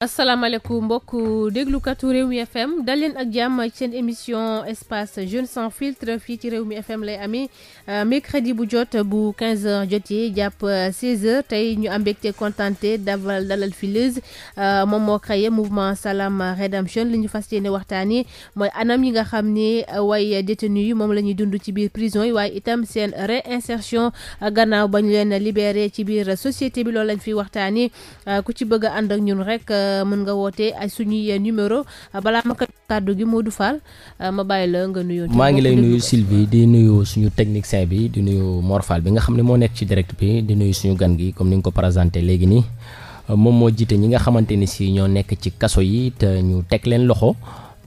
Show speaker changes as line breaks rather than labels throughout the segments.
asalaamaaleykum mbokku déglukatu réew mi FM dal leen ak jàmm seen émission espace jeune sans filtre fii ci réew mi FM lay amee euh, mercredi bu jot bu 15h jotee jàpp 16h euh, tey ñu am mbégte contenté daval fi fileuse euh, moom moo créé mouvement Salam Redemption li ñu fas yéene waxtaanee mooy anam yi nga xam ni way détenu yi moom la ñuy dund ci biir prison yi waaye itam seen réinsertion gannaaw ba ñu leen libéré ci biir société bi loolu lañ fiy waxtaanee ku ci bëgg a ànd ak ñun rek. mën nga wootee ay suñu suñuy numéro balaa ma ko kàddu gi moo Fall ma bàyyi la nga nuyoon maa ngi lay nuyu
Sylvie di nuyu suñu technicien bi di nuyu Mor bi nga xam ne moo nekk ci direct bi di nuyu suñu gan gi comme ni nga ko présenté léegi nii moom moo jiite ñi nga xamante ni si ñoo nekk ci kaso yi te ñu teg leen loxo.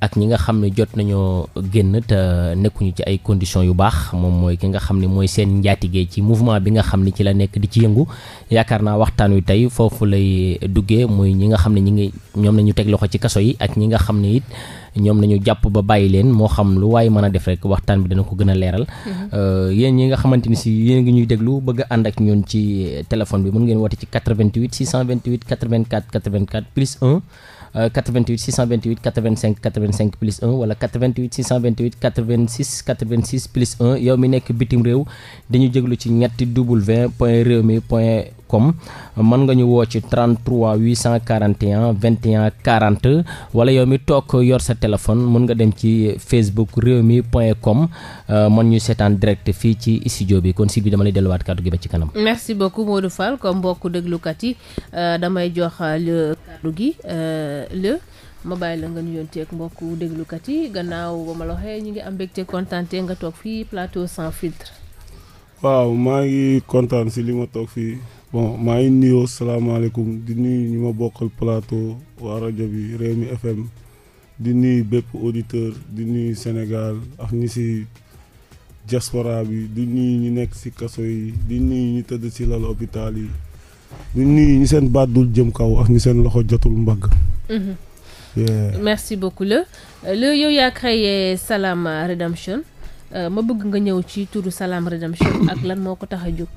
ak ñi nga xam ne jot nañoo génn te nekkuñu ci ay conditions yu baax moom mooy ki nga xam ne mooy seen njaatigee ci mouvement bi nga xam ni ci la nekk di ci yëngu yaakaar naa waxtaan wi tey foofu lay duggee mooy ñi nga xam ne ñi ngi ñoom nañu teg loxo ci kaso yi ak ñi nga xam ne it ñoom nañu jàpp ba bàyyi leen moo xam lu mën a def rek waxtaan bi dana ko gën a leeral mm-hmm. euh, yéen ñi nga xamante ni si yéen ngi ñuy déglu bëgg a ànd ak ñun ci téléphone bi mën ngeen woote ci 88 628 84 84 plus 88 628 85 85 plus 1 wala 88 628 86 86 plus 1 yow mi nekk bitim réew dañu jéglu ci ñetti double 20 point réew mi point com mën nga ñu woo ci 33 841 21 40 wala yow mi toog yor sa téléphone mën nga dem ci facebook réew mi point com euh, mën ñu seetaan direct fii ci studio bi kon si bi dama lay delluwaat kàddu gi ba ci kanam.
merci beaucoup Modou Fall comme mbokku déglu yi euh, damay jox le kàddu gi euh, le. ma bàyyi la nga nuyonteeg mbokk déglukat yi gannaaw ba ma la waxee ñu ngi am mbégte kontaan nga toog fii plateau filtre.
waaw maa ngi kontaan si li ma toog fii bon maa ngi nuyoo salaamaaleykum di nuyu ñi ma bokkal plateau waa rajo bi réew mi FM di nuyu bépp auditeur di nuyu Sénégal ak ñu si diaspora bi di nuyu ñu nekk si kaso yi di nuyu ñu tëdd si lal hôpital yi di nuyu ñi seen baat dul jëm kaw ak ñu seen loxo jotul mbagg.
Mhm. merci beaucoup la le yow yaa Euh, ma bëgg nga ñëw ci turu Salam Redemption ak lan moo ko tax a jóg.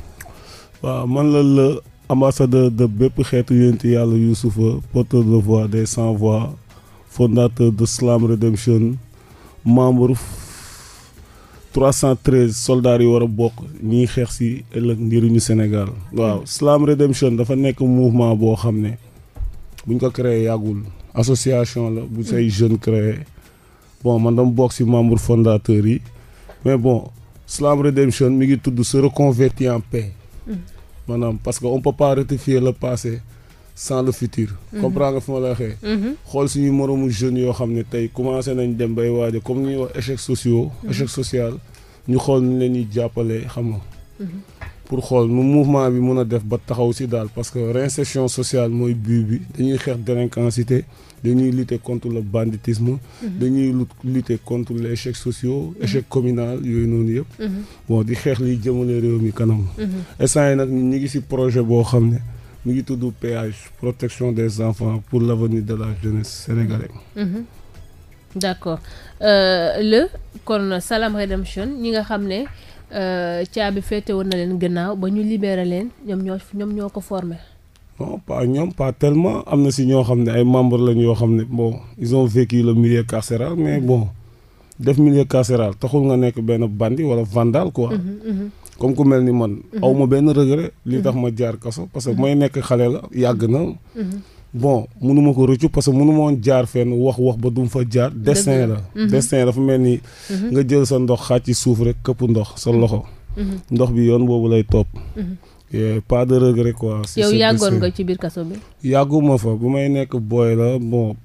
waaw man la la ambassadeur de bépp xeetu yonent yàlla Youssoufa porteur de voix des sans voix fondateur de Salam Redemption membre 313 soldats yi war a bokk ñiy xeex ci ëllëg njëriñu Sénégal. waaw Salam Redemption dafa nekk mouvement boo xam ne buñ ko créé yàggul. association la bu say jeunes créé bon man dama bokk ci membre fondateur yi. mais bon Slam Redemption mi ngi tudd se reconvertir en paix. Mm. maanaam parce que on peut pas rectifier le passé sans le futur. Mm-hmm. comprends nga fi ma la waxee. Mm-hmm. xool suñu moromu jeunes yoo xam ne tey commencé nañ dem bay waaj comme ñuy wax échec sociaux. Mm-hmm. échec social ñu xool ñu leen ñuy jàppale xam nga. pour xool nu mouvement bi mun a def ba taxaw si daal parce que réinsertion sociale mooy but bi dañuy xeex délinquance dañuy lutter contre le banditisme. Mhm. dañuy lutter contre les échecs sociaux mhm. échec communal yooyu noonu yëpp. Mhm. bon di xeex liy jëmale réew mi kanam. instant yi nag ñu ngi ci projet boo xam ne. mi ngi tudd péage protection des enfants pour l'avenir de la jeunesse sénégalaise.
d'accord euh, le kon Salam Redemption ñi nga xam ne euh, caabi féete woon na leen gannaaw ba ñu libéré leen ñoom ñoo ñoom ñoo ko formé.
non pas ñoom pas tellement am na si ñoo xam ne ay membres lañ yoo xam ne bon ils ont vécu le mais boo def milieu carcéral taxul nga nekk benn bandi wala vandal quoi. Mhm, mhm. comme ku mel ni man. Mhm. aw ma benn regret. li tax ma jaar kaso parce que may nekk xale la yàgg na. bon munu ko rëccu parce que munu ma woon jaar fenn wax wax ba dum fa jaar. destin la destin dafa mel ni. nga jël sa ndox xaaj ci suuf rek këpp ndox sa loxo. ndox bi yoon boobu lay topp. pas de regret quoi. si yow ci biir kaso yàgguma fa bu may nekk booy la bon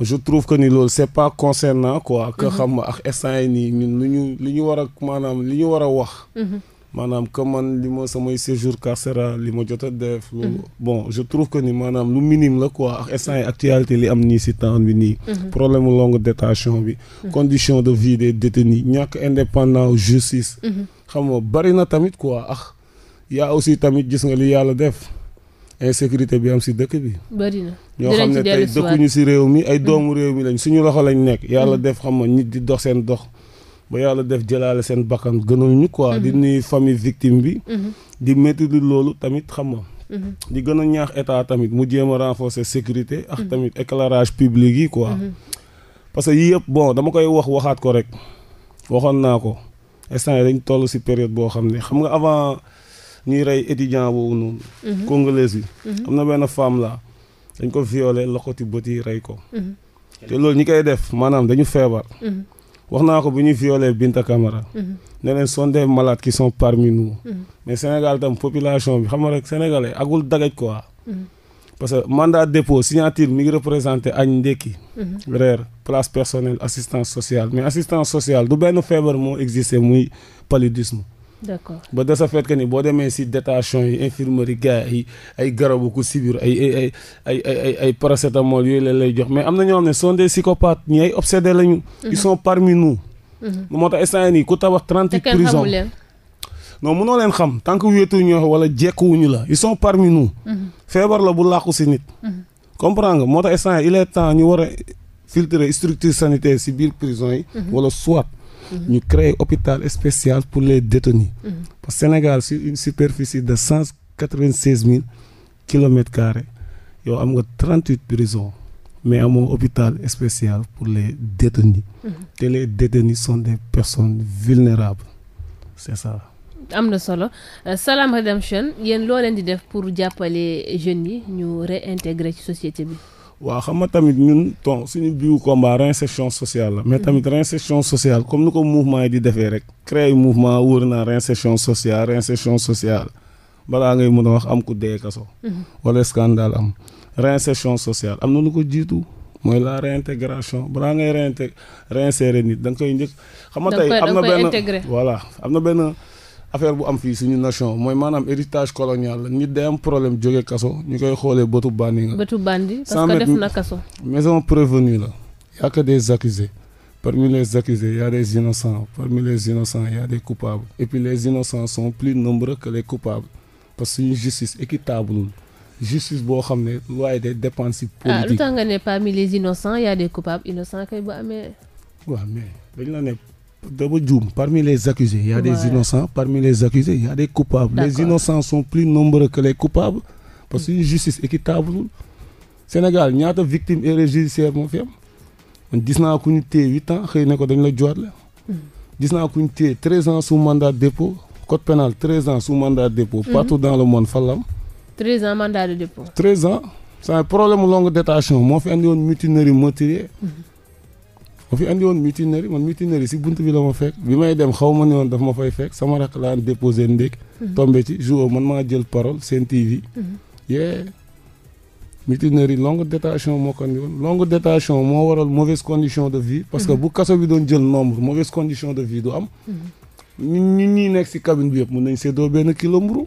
je trouve que ni loolu c'est pas concernant quoi. que mhm. xam ak instant yi nii lu ñu lu ñu war a maanaam li ñu war a wax. Mhm. maanaam que man li ma samay séjour carcéral li ma jot a def. loolu mhm. bon je trouve que ni maanaam lu minime la quoi ak instant actualité li am nii si temps bi nii. problème mu longue détention bi. condition de vie de détenus ñàkk indépendant justice. xam nga bari na tamit quoi yaa aussi tamit gis nga li yàlla def insécurité bi am si dëkk bi.
ñoo xam ne tey dëkkuñu
si réew mi ay mm. doomu réew mi lañ suñu loxo lañ nekk. yàlla mm. def xam ma nit di dox seen dox. ba yàlla def jëlaale seen bakkan gënal ñu quoi. Mm-hmm. di nuyu famille victime bi. Mm-hmm. di métti loolu tamit xam nga. Mm-hmm. di gën a ñaax état tamit mu jéem a renforcer sécurité. ax tamit éclairage public yi quoi. parce que yii yëpp bon dama koy wax waxaat ko rek. waxoon naa ko instant yii dañ toll si période boo xam ñuy rey étudiant boobu noonu. Mhm. congolais yi. Mhm. am na benn femme la dañ ko violé loxoti bët rey ko. Mhm. te loolu ñi koy def maanaam dañu feebar. wax naa ko bu ñuy violé Binta Camara. ne leen sont des malades qui parmi nous. mais Sénégal tam population bi xam nga rek sénégalais agul dagaj quoi. parce que mandat dépôt signature mi ngi représenté añ ndékki. reer place personnelle assistance sociale mais assistance sociale du benn feebar moo existé muy paludisme. ba de sa fait ni boo demee si détention yi infirmerie gars yi ay garabu ku sibir ay ay ay ay ay paracétamol yooyu la lay jox mais am na ñoo xam ne sont des psychopathes ñi ay obsédé lañu. Mhm. ils sont parmi nous. Mhm. moo tax instant nii ku tabax trente prison non mënoo leen xam tant que wéetuñu wala jekkuwuñu la ils sont parmi nous. Mhm. feebar la bu làqu si nit. comprendre nga moo tax instant il est temps ñu war a filtrer structure sanitaire si biir prison yi. wala soit. ñu créer hôpital spécial pour les détenus. parce mm-hmm. Sénégal une superficie de cent quatre-vingt-seize mille kilomètres car yow am nga trente-huit prisons mais amoo hôpital spécial pour les détenus. Mm-hmm. te les détenus sont des personnes vulnérables c'est ça.
am na solo euh, Salam Redemption yéen loo leen di def pour jàppale jeunes yi ñu réintégrer ci société bi.
waaw xam ma tamit ñun ton suñu biu combat réinsertion sociale la mais tamit réinsertion sociale comme ni ko mouvement yi di defee rek créer mouvement wër naa réinsertion sociale réinsertion sociale balaa ngay mun a wax am ku dee kaso mhm. wala scandale am réinsertion sociale am na lu ko jiitu mooy la réintégration balaa ngay réinté réinsérer nit danga koy njëkk xam nga tey am na benn voilà am na benn affaire bu am fii suñu nation mooy maanaam héritage colonial la nit day am problème jóge kaso ñu koy xoolee bëtu bandi nga.
bëtu bandi parce que def na kaso.
maison prévenue la y a que des accusés parmi les accusés y a des innocents parmi les innocents y a des coupables et puis les innocents sont plus nombreux que les coupables parce que suñu justice équitable justice boo xam ne waaye day dépendre si politique. ah lu
tax nga ne parmi les innocents y a des coupables innocents kay bu amee.
waaw mais dañ la nekk. dama juum parmi les accusés il y a des ouais. innocents parmi les accusés il y a des coupables les innocents sont plus nombreux que les coupables parce que une Sénégal ñaata victime erreur judiciaire moo fi am man gis naa ku ñu téye huit ans xëy na ko dañ la jox la hmm. gis naa ku ñu téye treize ans sous mandat de dépôt code pénal treize mandat de hmm. partout dans le monde fallam
treize ans mandat de dépôt
treize ans c'est un problème longue détention moo fi andi woon mutinerie ma fi andi woon mutinerie man mutinerie si bunt bi la ma fekk bi may dem xaw ma ne woon daf ma fay fekk sama rakk laa déposé ndéeg mhm. tombé ci jour man maa jël parole seen TV mhm. yee mutinerie longue détention moo ko andi woon longue moo waral mauvaise condition de vie parce que mhm. bu kaso bi doon jël nombre mauvaise condition de vie du am ñun ñu ñuy nekk si cabine bi yëpp mun nañ séddoo benn kilo mburu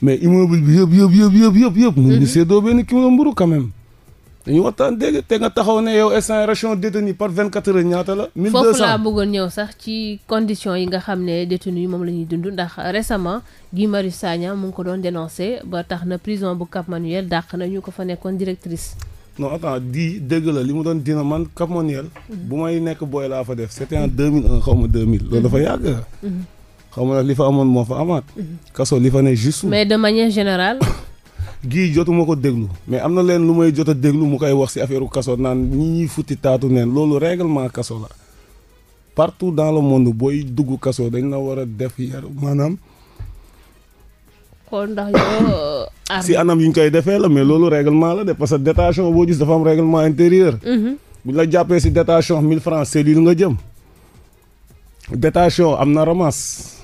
mais immeuble bi yëpp yëpp yëpp yëpp yëpp yëpp mun ñu séddoo benn kilo mburu quand dañu waxtaan dégg te nga taxaw ne yow exonération détenu par vingt quatre heures ñaata la. foofu laa
bëggoon ñëw sax ci conditions yi nga xam ne détenu yi moom la ñuy dund ndax récemment Guy Marius Sagna mu ngi ko doon dénoncé ba tax na prison bu Cap Manuel dàq na ñu ko fa nekkoon directrice.
non attends di dëgg la li mu doon dina man Cap Manuel. bu may nekk booy laa fa def c'était deux mille un xaw ma deux mille loolu dafa yàgg. Mhm. xaw ma nag li fa amoon moo fa amaat. Mhm. kaso li fa ne mais
de manière générale.
gii jotuma ko déglu mais am na leen lu may jot a déglu mu koy wax si affaire kaso naan ñi ñuy futti taatu neen loolu règlement kaso la partout dans le monde booy dugg kaso dañ la war a def yar maanaam.
kon ndax yow. Euh, si
anam yu ñu koy defee la mais loolu règlement la de parce que détation boo gis dafa am règlement intérieur. Mm-hmm. bu ñu la jàppee si détention 1000 francs cellule nga jëm. détention am na ramasse.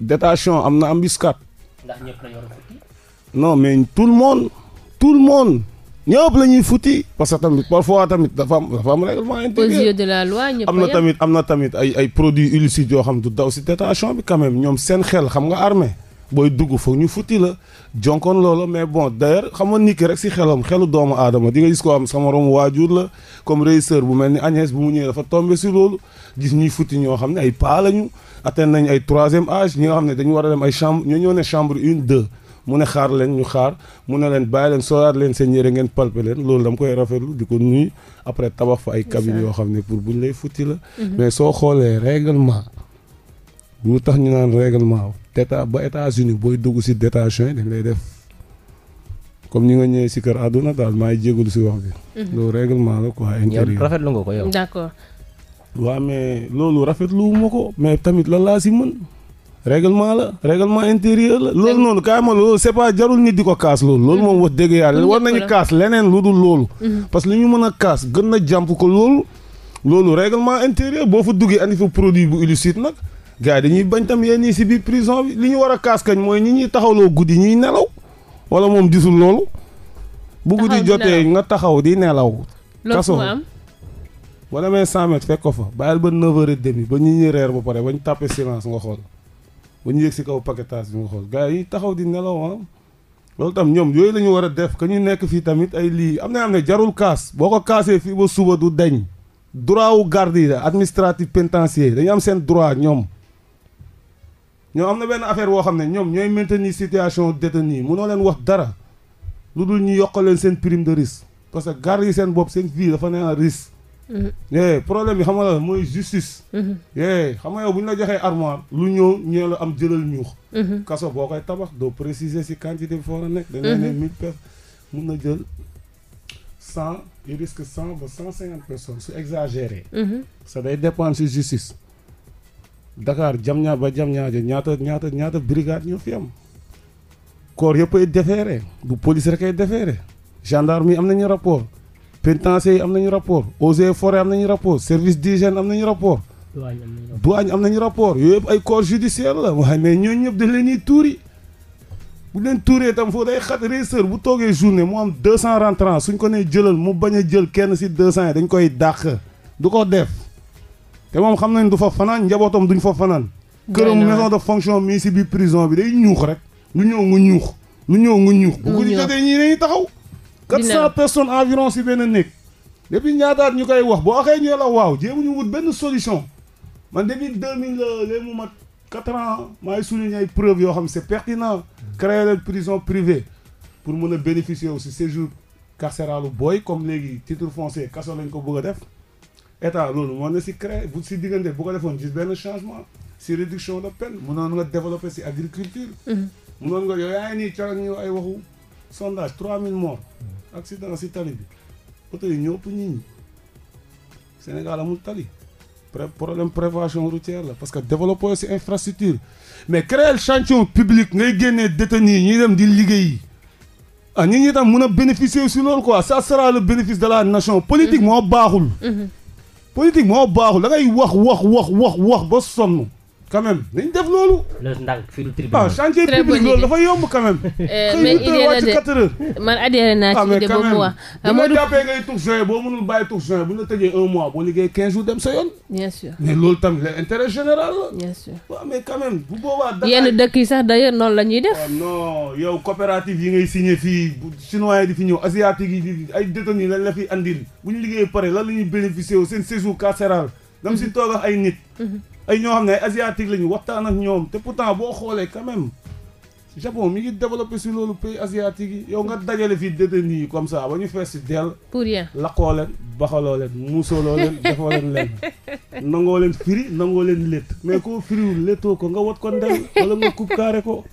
détention am na embuscade. ndax non mais tout le monde tout le monde ñëpp la lañuy futti parce que tamit parfois tamit dafa am dafa am règlement intérieur
aux am na tamit
am na tamit ay ay produits illicites yoo xam du daw si détention bi quand même ñoom seen xel xam nga armée booy dugg foog ñu futti la jonkoon loolu mais bon d'ailleurs xam nga nit ki rek si xelam xelu doomu aadama di nga gis ko am sama moroom waajur la comme régisseur bu mel ni Agnès bu mu ñëwee dafa tombé si loolu gis ñuy futti ñoo xam ne ay paa lañu atteindre nañ ay troisième âge ñi nga xam ne dañu war a dem ay chambre ñoo ñëw ne chambre une deux mu ne xaar leen ñu xaar mu ne leen bàyyi leen solaat leen seen yére ngeen palpe leen loolu dama koy rafetlu di ko nuyu après tabax fa ay cabines yoo xam ne pour bu ñu lay futti la mhm. mais soo xoolee règlement bu tax ñu naan règlement état ba États-Unis booy dugg si détention yi dañ lay def comme ni nga ñëwee si kër àdduna daal maa ngi jégalu si wax bi mhm. loolu règlement la quoi intérieur
rafetlu nga ko
yow d'accord
waaw mais loolu rafetlu ma ko mais tamit lan si règlement la règlement intérieur la. loolu noonu kaay ma loolu c'est pas jarul nit di ko kaas loolu. loolu moom wax dëgg yàlla war nañu kaas leneen lu dul loolu. Mhm. parce que li ñu mën a kaas gën na jàmp ko loolu. loolu règlement intérieur boo fa duggee andi fa produit bu illicite nag gars yi ñuy bañ tam yéen ñii si biir prison bi li ñu war a kaas kañ mooy ñu ñuy taxawloo guddi ñuy nelaw wala moom gisul loolu. bu guddi jotee nga taxaw di nelaw. kaso boo demee 100 mètres fekk ko fa bàyyil ba 9 heures et demi ba ñu ñuy reer pare ba ñu tàppee silence nga xool. ba ñu yëg si kaw paquetage bi nga xool gars yi taxaw di nelaw ah. loolu tam ñoom yooyu lañu war a def que ñu nekk fii tamit ay lii am na am ne jarul kaas boo ko kaasee fii ba suba du deñ droit wu garde yi la administratif pénitentiaire dañu am seen droit ñoom. ñoo am na benn affaire boo xam ne ñoom ñooy maintenir situation détenu mënoo leen wax dara lu dul ñu yokk leen seen prime de risque parce que garde yi seen bopp seen vie dafa ne en risque. yee mm-hmm. eh, problème bi xam nga mooy justice. yee mm-hmm. eh, xam nga yow bu ñu la joxee armoire. lu ñëw ñoo la am jëlal ñuux. Mm-hmm. kaso boo koy tabax doo préciser si quantité bi foo la nekk. dañu mun na jël cent il risque cent ba cent cinquante personnes su exagéré. ça day dépendre si justice. Dakar jam ñaa ba jam ñaajo ñaata ñaata ñaata brigade ñoo fi am. corps yëpp ay déféré bu police rek ay déféré gendarme yi am nañu rapport. pénitencier yi am nañu rapport eaux et forêt am nañu rapport service d'hygiène am nañu rapport
añ
am nañu rapport yooyu yëpp ay corps judiciaire waaye mais ñooñu ñëpp dañ leen ñuy tuuri bu leen tuuree tam foofu day xat régisseur bu toogee journée mu am deux cent rentrants suñ ko nee jëlal mu bañ a jël kenn si deux cent yi dañ koy dàq du ko def te moom xam nañ du fa fanaan njabootam duñ fa fanaan këram maison de fonction mii si biir prison bi day ñuux rek lu ñëw nga ñuux lu ñëw nga ñuux bu ko jotee taxaw quatre cent personnes environ si benn néeg depuis ñaataat ñu koy wax boo waxee ñu la waaw jéemuñu wut benn solution man depuis deux mille euh, léegi mu mat quatre ans maa ngi souligné ay preuves yoo xam c'est pertinent créer leen prison privée pour mën a bénéficier aussi séjour carcéralu booy comme léegi titre foncier kaso lañ ko bëgg a def état loolu moo ne si créé si diggante bu ko defoon gis benn changement si réduction de peine mënoon nga développer si agriculture mhm. mënoon nga yow yaa ngi nii coro ay waxu sondage trois mille morts ak si tali bi oto yi ñoo ëpp nit ñi Sénégal amul tali pré problème prévention routière la parce que développé si infrastructure mais créer chantier publique ngay génnee détenu yi ñuy dem di liggéey ah ñi ñi tam mun a bénéficier si loolu quoi a sera le bénéfice de la nation politique mhm. moo baaxul mhm. politique moo baaxul da ngay wax wax wax wax wax ba sonn quand même def loolu.
loolu ndànk fii du tribunal. ah
chantier public loolu dafa yomb quand euh,
man adhéré naa ci idée boobu wax. ah mais quand
ngay tux joint boo mënul bàyyi tux joint bu ñu la tëjee un mois boo liggéey 15 jours dem sa yoon. bien sûr mais loolu tam l'intérêt général la. bien sûr waaw mais quand
même bu boobaa. yenn dëkk yi sax d'ailleurs noonu la ñuy def. Ah,
non yow coopérative yi ngay signé fii chinois yi di fi ñëw asiatique yi di ay détenus lañ la fi andil bu ñu liggéey pare lan la ñuy bénéficier wu seen séjour carcéral. dam si mhm. toog ay ay ñoo xam ne ay asiatique lañu waxtaan ak ñoom te pourtant boo xoolee quand même Japon mi ngi développé si loolu pays asiatique yi yow nga dajale fii détenu yi comme ça ba ñu fees si dell. pour rien lakkoo leen baxaloo leen loo leen defoo leen lenn nangoo leen firi nangoo leen létt mais koo firiwul léttoo ko nga wat ko ndel wala nga coupe carré ko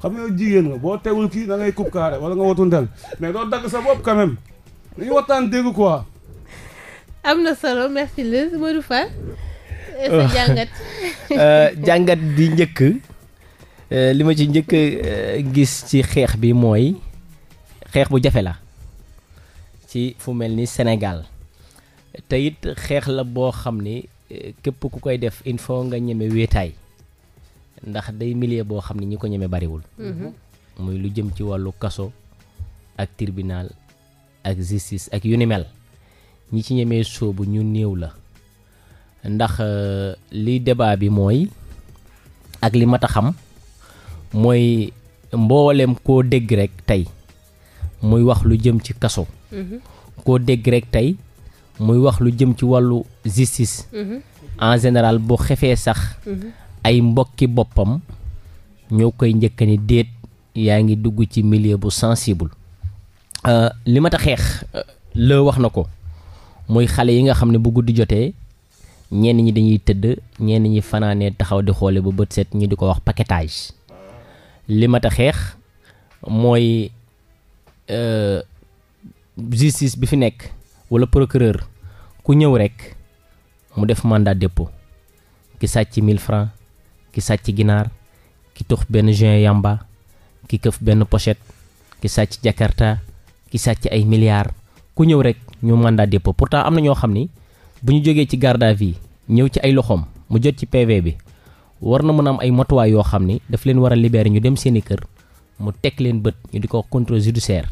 xam nga jigéen nga boo tegul kii da ngay coupe carré wala nga watu ndel mais doo dagg sa bopp quand même dañu waxtaan dégg
quoi.
am na solo merci Liz Modou Euh, jàngat euh,
jàngat di njëkk euh, li ma ci njëkk a gis ci xeex bi mooy xeex bu jafe la ci fu mel ni senegal te it xeex la boo xam ni képp ku koy def il faut nga ñeme wéetaay ndax day milieu boo xam ni ñi ko ñeme bariwul mhm. muy lu jëm ci wàllu kaso ak tribunal ak justice ak yu ñi ci ñemee soobu ñu néew la ndax euh, li débat bi mooy ak li mat a xam mooy mboolem koo dégg rek tey muy wax lu jëm ci kaso mhm. koo dégg rek tey muy wax lu jëm ci wàllu justice mhm. en général boo xefee sax mhm. ay mbokki boppam ñoo koy njëkk ni déet yaa ngi dugg ci milieu bu sensible euh, li ma ta xeex euh, la wax na ko mooy xale yi nga xam ne bu guddi jotee ñenn ñi dañuy tëdd ñenn ñi fanaanee taxaw di xoole ba bët set ñu di ko wax paquetage li mat a xeex mooy euh, justice bi fi nekk walla procureur ku ñëw rek mu def mandat dépôt ki sàcc mille francs ki sàcc ginaar ki tux benn juin yamba ki këf benn pochette ki sàcc jakarta ki sàcc ay milliards ku ñëw rek ñu mandat dépôt pourtant am na ñoo xam ni bu ñu jógee ci garde à ñëw ci ay loxoom mu jot ci PV bi war na mën am ay matuwaay yoo xam ni daf leen war a libérer ñu dem seeni kër mu teg leen bët ñu di ko contre contrôle judiciaire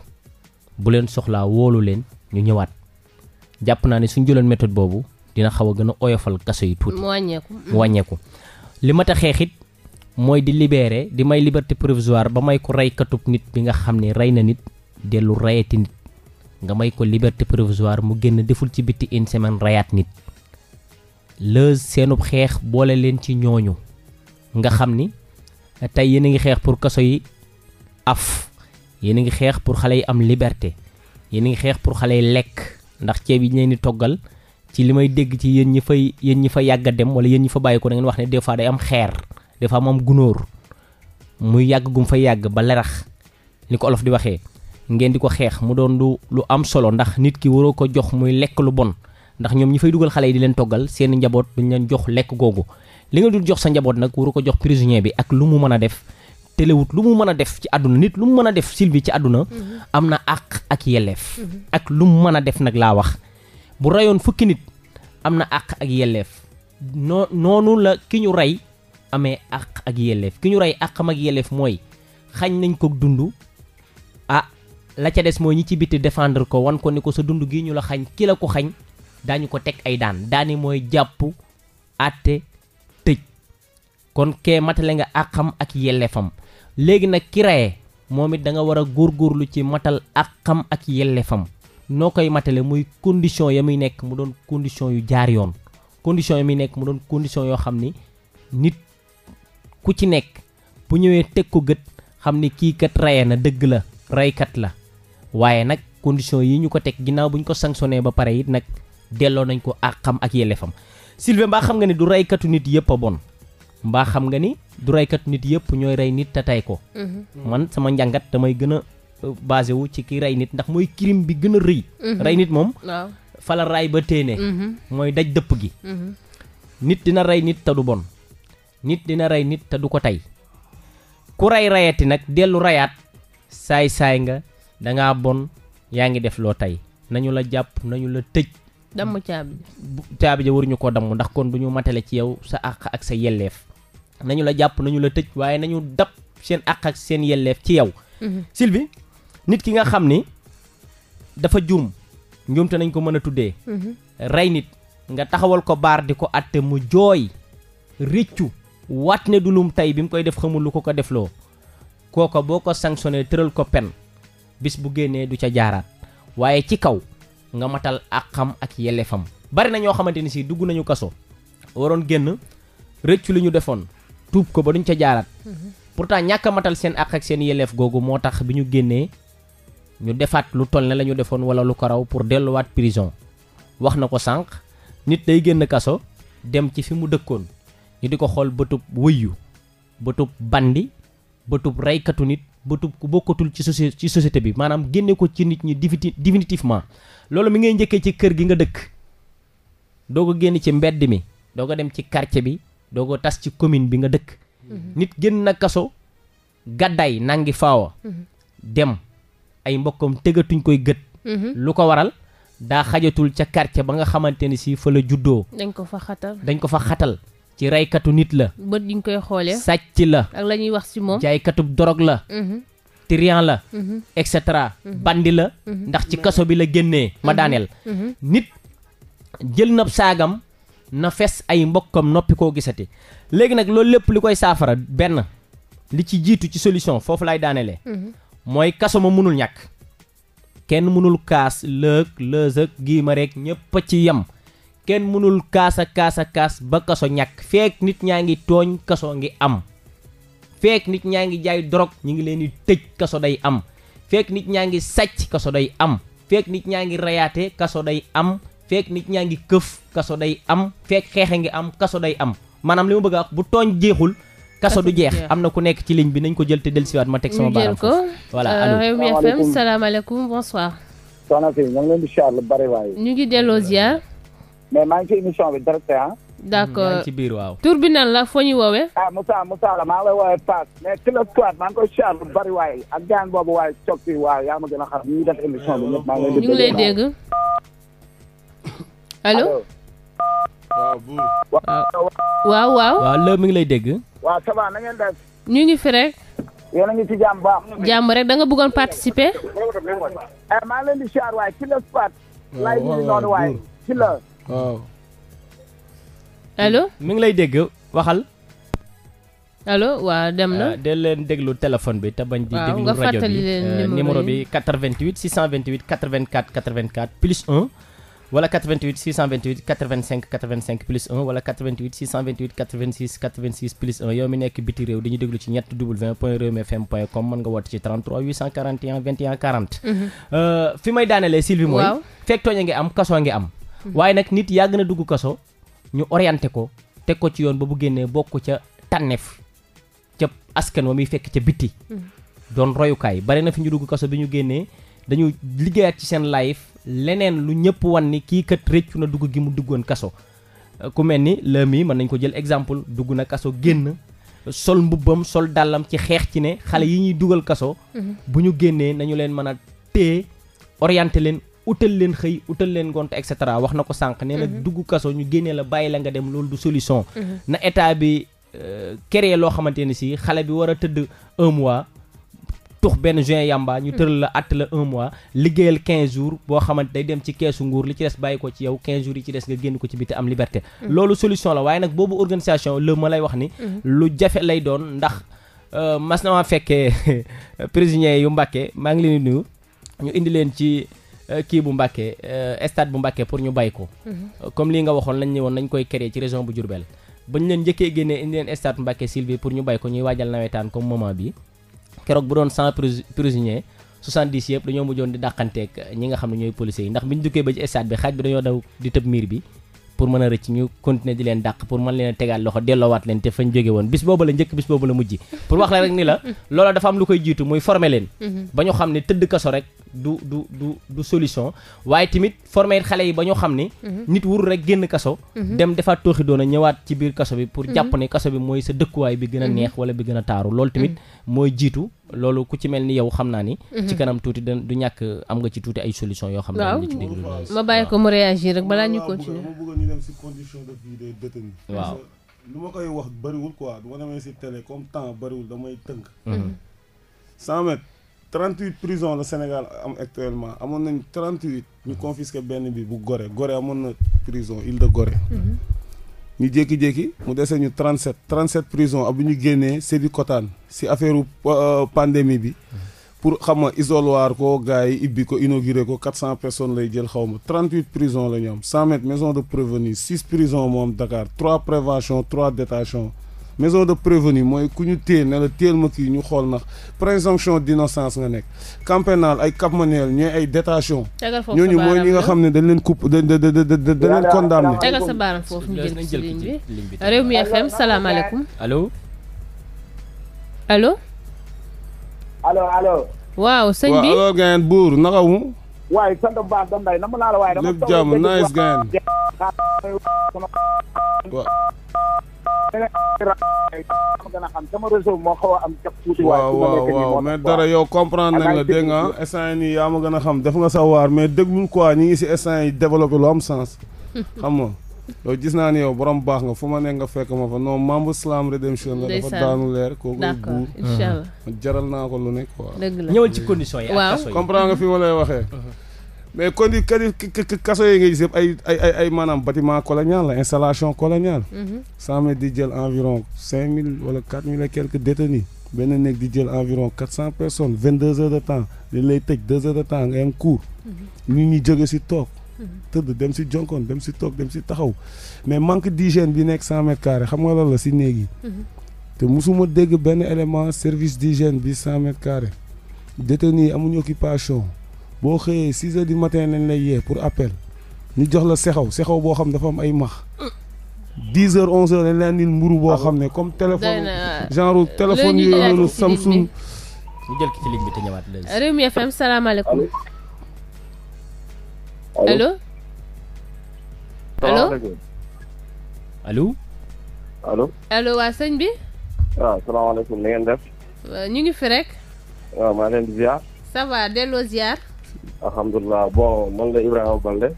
bu leen soxlaa woolu leen ñu ñëwaat jàpp naa ne suñ jëloon méthode boobu dina xaw a gën a oyofal kaso yi tuuti. mu wàññeeku li ma ta xeexit mooy di libérer di may liberté provisoire ba may ko reykatub nit bi nga xam ne rey na nit dellu reyati nit nga may ko liberté provisoire mu génn deful ci bitti une semaine rayaat nit Leuz seenub xeex boole leen ci ñooñu nga xam ni tey yéen a ngi xeex pour kaso yi af yéen a ngi xeex pour xale yi am liberté yéen a ngi xeex pour xale yi lekk ndax ceeb yi ñu leen di toggal ci li may dégg ci yéen ñi fay yéen ñi fa yàgg dem wala yéen ñi fa bàyyi ko da wax ne des fois day am xeer des fois mu am gunóor muy yàgg gum fa yàgg ba lerax ni ko olof di waxee ngeen di ko xeex mu doon lu lu am solo ndax nit ki waroo ko jox muy lekk lu bon ndax ñoom ñi fay dugal xale yi di leen toggal seen njaboot duñ leen jox lekk googu li nga dul jox sa njaboot nag waru ko jox prisonnier bi ak lu mu mën a def telewut lu mu mën a def ci àdduna nit lu mu mën a def Sylvie ci àdduna mhm. am na àq ak yelleef mhm. ak lu mu mën a def nag laa wax bu rayoon fukki nit am na àq ak yelleef noonu la ki ñu rey amee àq ak yelleef ki ñu rey àqam ak mooy xañ nañ ko dund ah, la ca des mooy ñi ci biti défendre ko wan ko ni ko sa dund gi ñu la xañ ki la ko xañ daañu ko teg ay daan daani mooy jàpp àtte tëj kon kee matale nga àqam ak yellefam léegi nag ki reye moom it danga nga war a góorgóorlu ci matal ak xam ak yellefam noo koy matale muy condition ya muy nekk mu doon condition yu jaar yoon condition ya muy nekk mu doon condition yoo xam ni nit ku ci nekk bu ñëwee teg ko gët xam ni kii kat reye na dëgg la reykat la waaye nag condition yi ñu ko teg ginnaaw bu ñu ko sanctionné ba pare it nag delloo nañ ko ak xam ak yelleefam Sylvain mbaa xam nga ni du reykatu nit yëpp a bon mbaa xam nga ni du reykatu nit yëpp ñooy rey nit te tey ko mhm. man sama njàngat damay gën a euh, basé wu ci ki rey nit ndax mooy crime bi gën a rëy mhm. rey nit moom fala raay ba téene mhm. mooy daj dëpp gi nit dina rey nit te du bon nit dina rey nit te du ko tey ku rey rayati nag dellu rayaat saay-saay nga dangaa bon yaa ngi def loo tey nañu la jàpp nañu la tëj. damm caabi ja caabi ja waruñu koo damm ndax kon du ñu matale ci yow sa àq ak sa yelleef nañu la jàpp nañu la tëj waaye nañu dab seen àq ak seen yelleef ci yow. Mhm. Sylvie nit ki nga xam ni dafa juum njuumte nañ ko mën a tuddee. Mhm. rey nit nga taxawal ko baar di ko àtte mu jooy rëccu wat ne du lum tey bi mu koy def xamul lu ko ko defloo kooka boo ko sanctionné tëral ko pen bis bu génnee du ca jaaraat waaye ci kaw nga matal ak xam ak yelleefam bari na ñoo xamante ni sii dugg nañu kaso waroon génn rëccu li ñu defoon tuub ko ba duñ ca jaaraat mm-hmm. pourtant ñàkk matal seen ak ak seen yelleef googu moo tax bi ñu génnee ñu defaat lu toll ne lañu defoon wala lu ko raw pour delluwaat prison wax na ko sànq nit day génn kaso dem ci fi mu dëkkoon ñu di ko xool bëtub wëyyu bëtub bandi bëtub reykatu nit bëtub ku bokkatul ci soci ci société bi maanaam génne ko ci nit ñi définitivement loolu mi ngay njëkkee ci kër gi nga dëkk doo ko génn ci mbedd mi doo ko dem ci quartier bi doo ko tas ci commune bi nga dëkk mm-hmm. nit génn na kaso gàddaay ngi faawa mm-hmm. dem ay mbokkam tëgatuñ koy gët mm-hmm. lu ko waral daa xajatul ca quartier ba nga xamante ni si fa la juddoo
dañ ko fa xatal dañ
ko fa xatal ci reykatu nit la.
bët yi ñu koy xoolee.
sàcc la. ak la ñuy wax ci moom. jaaykatub dorog la. Mhm. trian la. Mhm. et cetera. Mhm. bandi la. ndax ci kaso bi la génnee. ma daaneel. nit jël nab saagam na fes ay mbokkam noppi koo gisati léegi nag loolu lépp li koy saafara benn li ci jiitu ci solution foofu lay daaneele mooy kaso ma mënul ñàkk. kenn mënul kaas lëg lësëg gii ma rek ñëpp ci yem. kenn mënul kaasa kaasa kaas ba kaso ñàkk feek nit ñaa ngi tooñ kaso ngi am feek nit ñaa ngi jaay dorog ñu ngi leen di tëj kaso day am feek nit ñaa ngi sàcc kaso day am feek nit ñaa ngi rayaate kaso day am feek ñaa ngi këf kaso day am feek xeexe ngi am kaso day am maanaam li ma bëgg a wax bu tooñ jeexul kaso du jeex am na ku nekk ci ligne bi nañ ko jël te dellusiwaat ma teg sama baaraam ko voilà euh, allo Rewmi FM
salaamaaleykum bonsoir soxna si ñu leen di ziar lu bari waaye ñu ngi delloo mais maa ngi ci émission bi direct ah. d'accord
maa ci biir
waaw.
tur bi nan la foo ñu woowee. ah Moussa la maa ngi lay woowee Paas Kilo Squad maa
ngi koy siyaar bu bari waaye ak gaan boobu waaye coog si yaa ma gën a xam ñu ngi lay. ñu ngi dégg
allo.
Ah. waaw
waaw waaw. waaw lëb ngi lay dégg. ñu ngi fi rek.
yéen a ngi ci jàmm baax. jàmm rek da nga bëggoon participer. Eh, maa leen di siyaar waaye Kilo Squad. waaw waaw waaw buur waaye Kilo.
waaw. allo. mi ngi lay dégg waxal. allo waaw dem na. Ah, de leen déglu téléphone bi te bañ. di déglu rajo bi euh, numéro bi 88 628 84 84 plus 1. wala 88 628 85 85 plus 1 wala 88 628 86 86 plus 1 yow mi nekk biti réew dañuy déglu ci ñett mhm. euh, waaw fekk tooña ngi am kasoo ngi am. waaye nag nit yàgg na dugg kaso ñu orienté ko teg ko ci yoon ba bu génnee bokk ca tànneef ca askan wa muy fekk ca bitti mm-hmm. doon royukaay bare na fi ñu dugg kaso bi ñu génnee dañu liggéeyaat ci seen life leneen lu ñëpp wan ni kii kat rëccu na dugg gi mu duggoon kaso ku mel ni lëmi mën nañ ko jël exemple dugg na kaso génn sol mbubbam sol dàllam ci xeex ci ne xale yi ñuy dugal kaso mm-hmm. bu ñu génnee nañu leen mën a téye orienté leen utal leen xëy utal leen ngont et cetera na ko sànq nee na mhm. dugg kaso ñu génnee la bàyyi la nga loolu du solution mhm. na état bi euh, créer loo xamante ne si xale bi war a tëdd un mois tux benn juin yamba ñu tëral la att la un mois liggéeyal 15 jours boo xamante day dem ci keesu nguur li ci des bàyyi ko ci yow 15 jours yi ci des nga génn ko ci biti am liberté mhm. loolu solution la waaye nag boobu organisation la ma lay wax ni lu jafe lay doon ndax euh, mas na ma fekkee prisonniers yu Mbàkke maa ngi leen di ñu indi ci Euh, kii bu Mbacké euh, stade bu Mbacké pour ñu bay ko mhm. comme lii nga waxoon lañ woon nañ koy créer ci région bu Diourbel bañ leen njëkkee génnee indi leen stade Mbacké Sylvie pour ñu bay ko ñuy waajal nawetaan comme moment bi keroog bu doon 100 prisonniers 70 yëpp dañoo mujjoon di dàqanteeg ñi nga xam ne ñooy policiers yi ndax bi ñu duggee ba ci stade bi xaaj bi dañoo daw di tëb miir bi pour mën a rëcc ñu continuer di leen dàq pour mën leen te fañ jóge woon bis boobu la njëkk bis boobu la mujj pour wax la rek ni la loola dafa am lu mhm. xam ne tëdd kaso rek du du du du solution waaye tamit former xale yi ba ñoo xam ni. Mhm. nit wurul rek génn kaso. Mhm. dem defaat tooxi a ñëwaat ci biir kaso bi. pour mhm. jàpp ne kaso bi mooy sa dëkkuwaay bi gën a neex wala bi gën a taaru loolu tamit mooy jiitu. loolu ku ci mel ni yow xam naa ni. ci kanam tuuti da du ñàkk am nga ci tuuti ay solution yoo xam ne dañu ci déglu.
ma bàyyi ko mu réagir rek balaa ñu continuer.
si condition de vie des koy wax bëriwul quoi du ma demee si télé comme temps bëriwul damay tënk. 38 prison la Sénégal am actuellement amoon nañ 38 ñu confisqué benn bi bu gore gore amoon na prison île de gore mhm. ñu jékki-jékki mu dese ñu 37 37 prison ab bu ñu génnee Sébikotane si affaire euh, pandémie bi pour xam nga isoloir ko gars yi ibbi ko inauguré ko 400 personnes lay jël xaw ma 38 prison la ñu am 100 mètres maison de prévenu 6 prison moom Dakar 3 prévention 3 détention. maison de prévenu mooy ku ñu téye ne la téel ma kii ñu xool ndax présomption d'innocence nga nekk camp ay Cap Manuel ñooy ay détention ñooñu mooy ñi nga xam ne dañ leen coupe dañ da da da dañ
sa baaram foofu ñu jël ci ligne bi Rewmi FM salaamaaleykum waaw sëñ bi waaw
allo gayen buur naka mu
waaye sant bu baax
Dame Ndao na mu naa la waaye. jàmm nice gan. waaw
waaw waaw mais dara yow comprendre nañ la dégg nga instant nii yaa ma gën a xam def nga sa waar mais déglu quoi ñu ngi si instant yi développé lu am sens xam yow gis naa ne yow borom baax nga fu ma ne nga fekk ma fa non membre Slam Redemption la dafa daanu leer kooku buur inchaallah mm-hmm. jaral naa ko lu nekk quoi ñëwal ci condition yi comprend nga fi ma lay waxee mm-hmm. mais kon di kaso yi nga gis yëpp ay ay ay ay maanaam bâtiment colonial la installation coloniale cent mm-hmm. mètres di jël environ cinq mille wala quatre mille et quelques détenus benn néeg di jël environ quatre cent personnes vingt deux heures de temps li lay tëj si toog tëdd dem si jonkoon dem si toog dem si taxaw mais manque d'hygiène bi nekk cent mètres carrés xam nga lan la si néeg yi mhm. te musuma dégg benn élément service d'hygiène bi cent mètres carrés détenu nii amuñu occupation boo xëyee six heures du matin lañ lay yee pour appel ñu jox la sexaw sexaw boo xam dafa am ay max dix heures onze heures dañ leen di mburu boo xam ne comme téléphone euh, genre téléphone yooyu noonu Samsung ñu
jël ki
ci allo
allo allo
allo
allo waa sëñ bi
waaw ah, salaamaaleykum ni ngeen def
euh, ñu ngi fi rek
waaw ah, maa leen di ziar
ça va alhamdulilah
bon man la Ibrahima Balde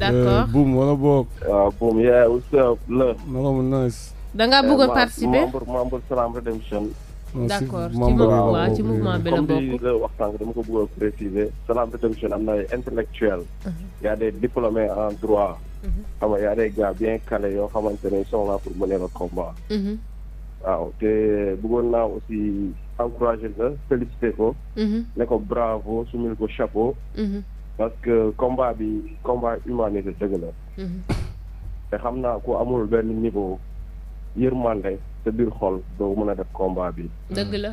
d'accord euh, buum wala boog waaw ah, buum yaa what's up la naka mu nice
da ngaa bëgg a eh, participer
membre membre Salam Redemption d'accord ci mouvement waaw bi la wax tànk dama ko bëgg a préciser Salam Rédemption am na ay intellectuels uh-huh. y a des en droit uh-huh. xam nga y a des bien calés yoo xamante ne ils sont là pour mener le combat uh-huh. waaw te bëggoon naa aussi encouragé la félicité ko
ne ko
bravo sumil ko chapeau parce que combat bi combat humanité dëgg la te xam naa ku amul benn niveau yërmande te biir xol doo mën a def combat bi. dëgg la.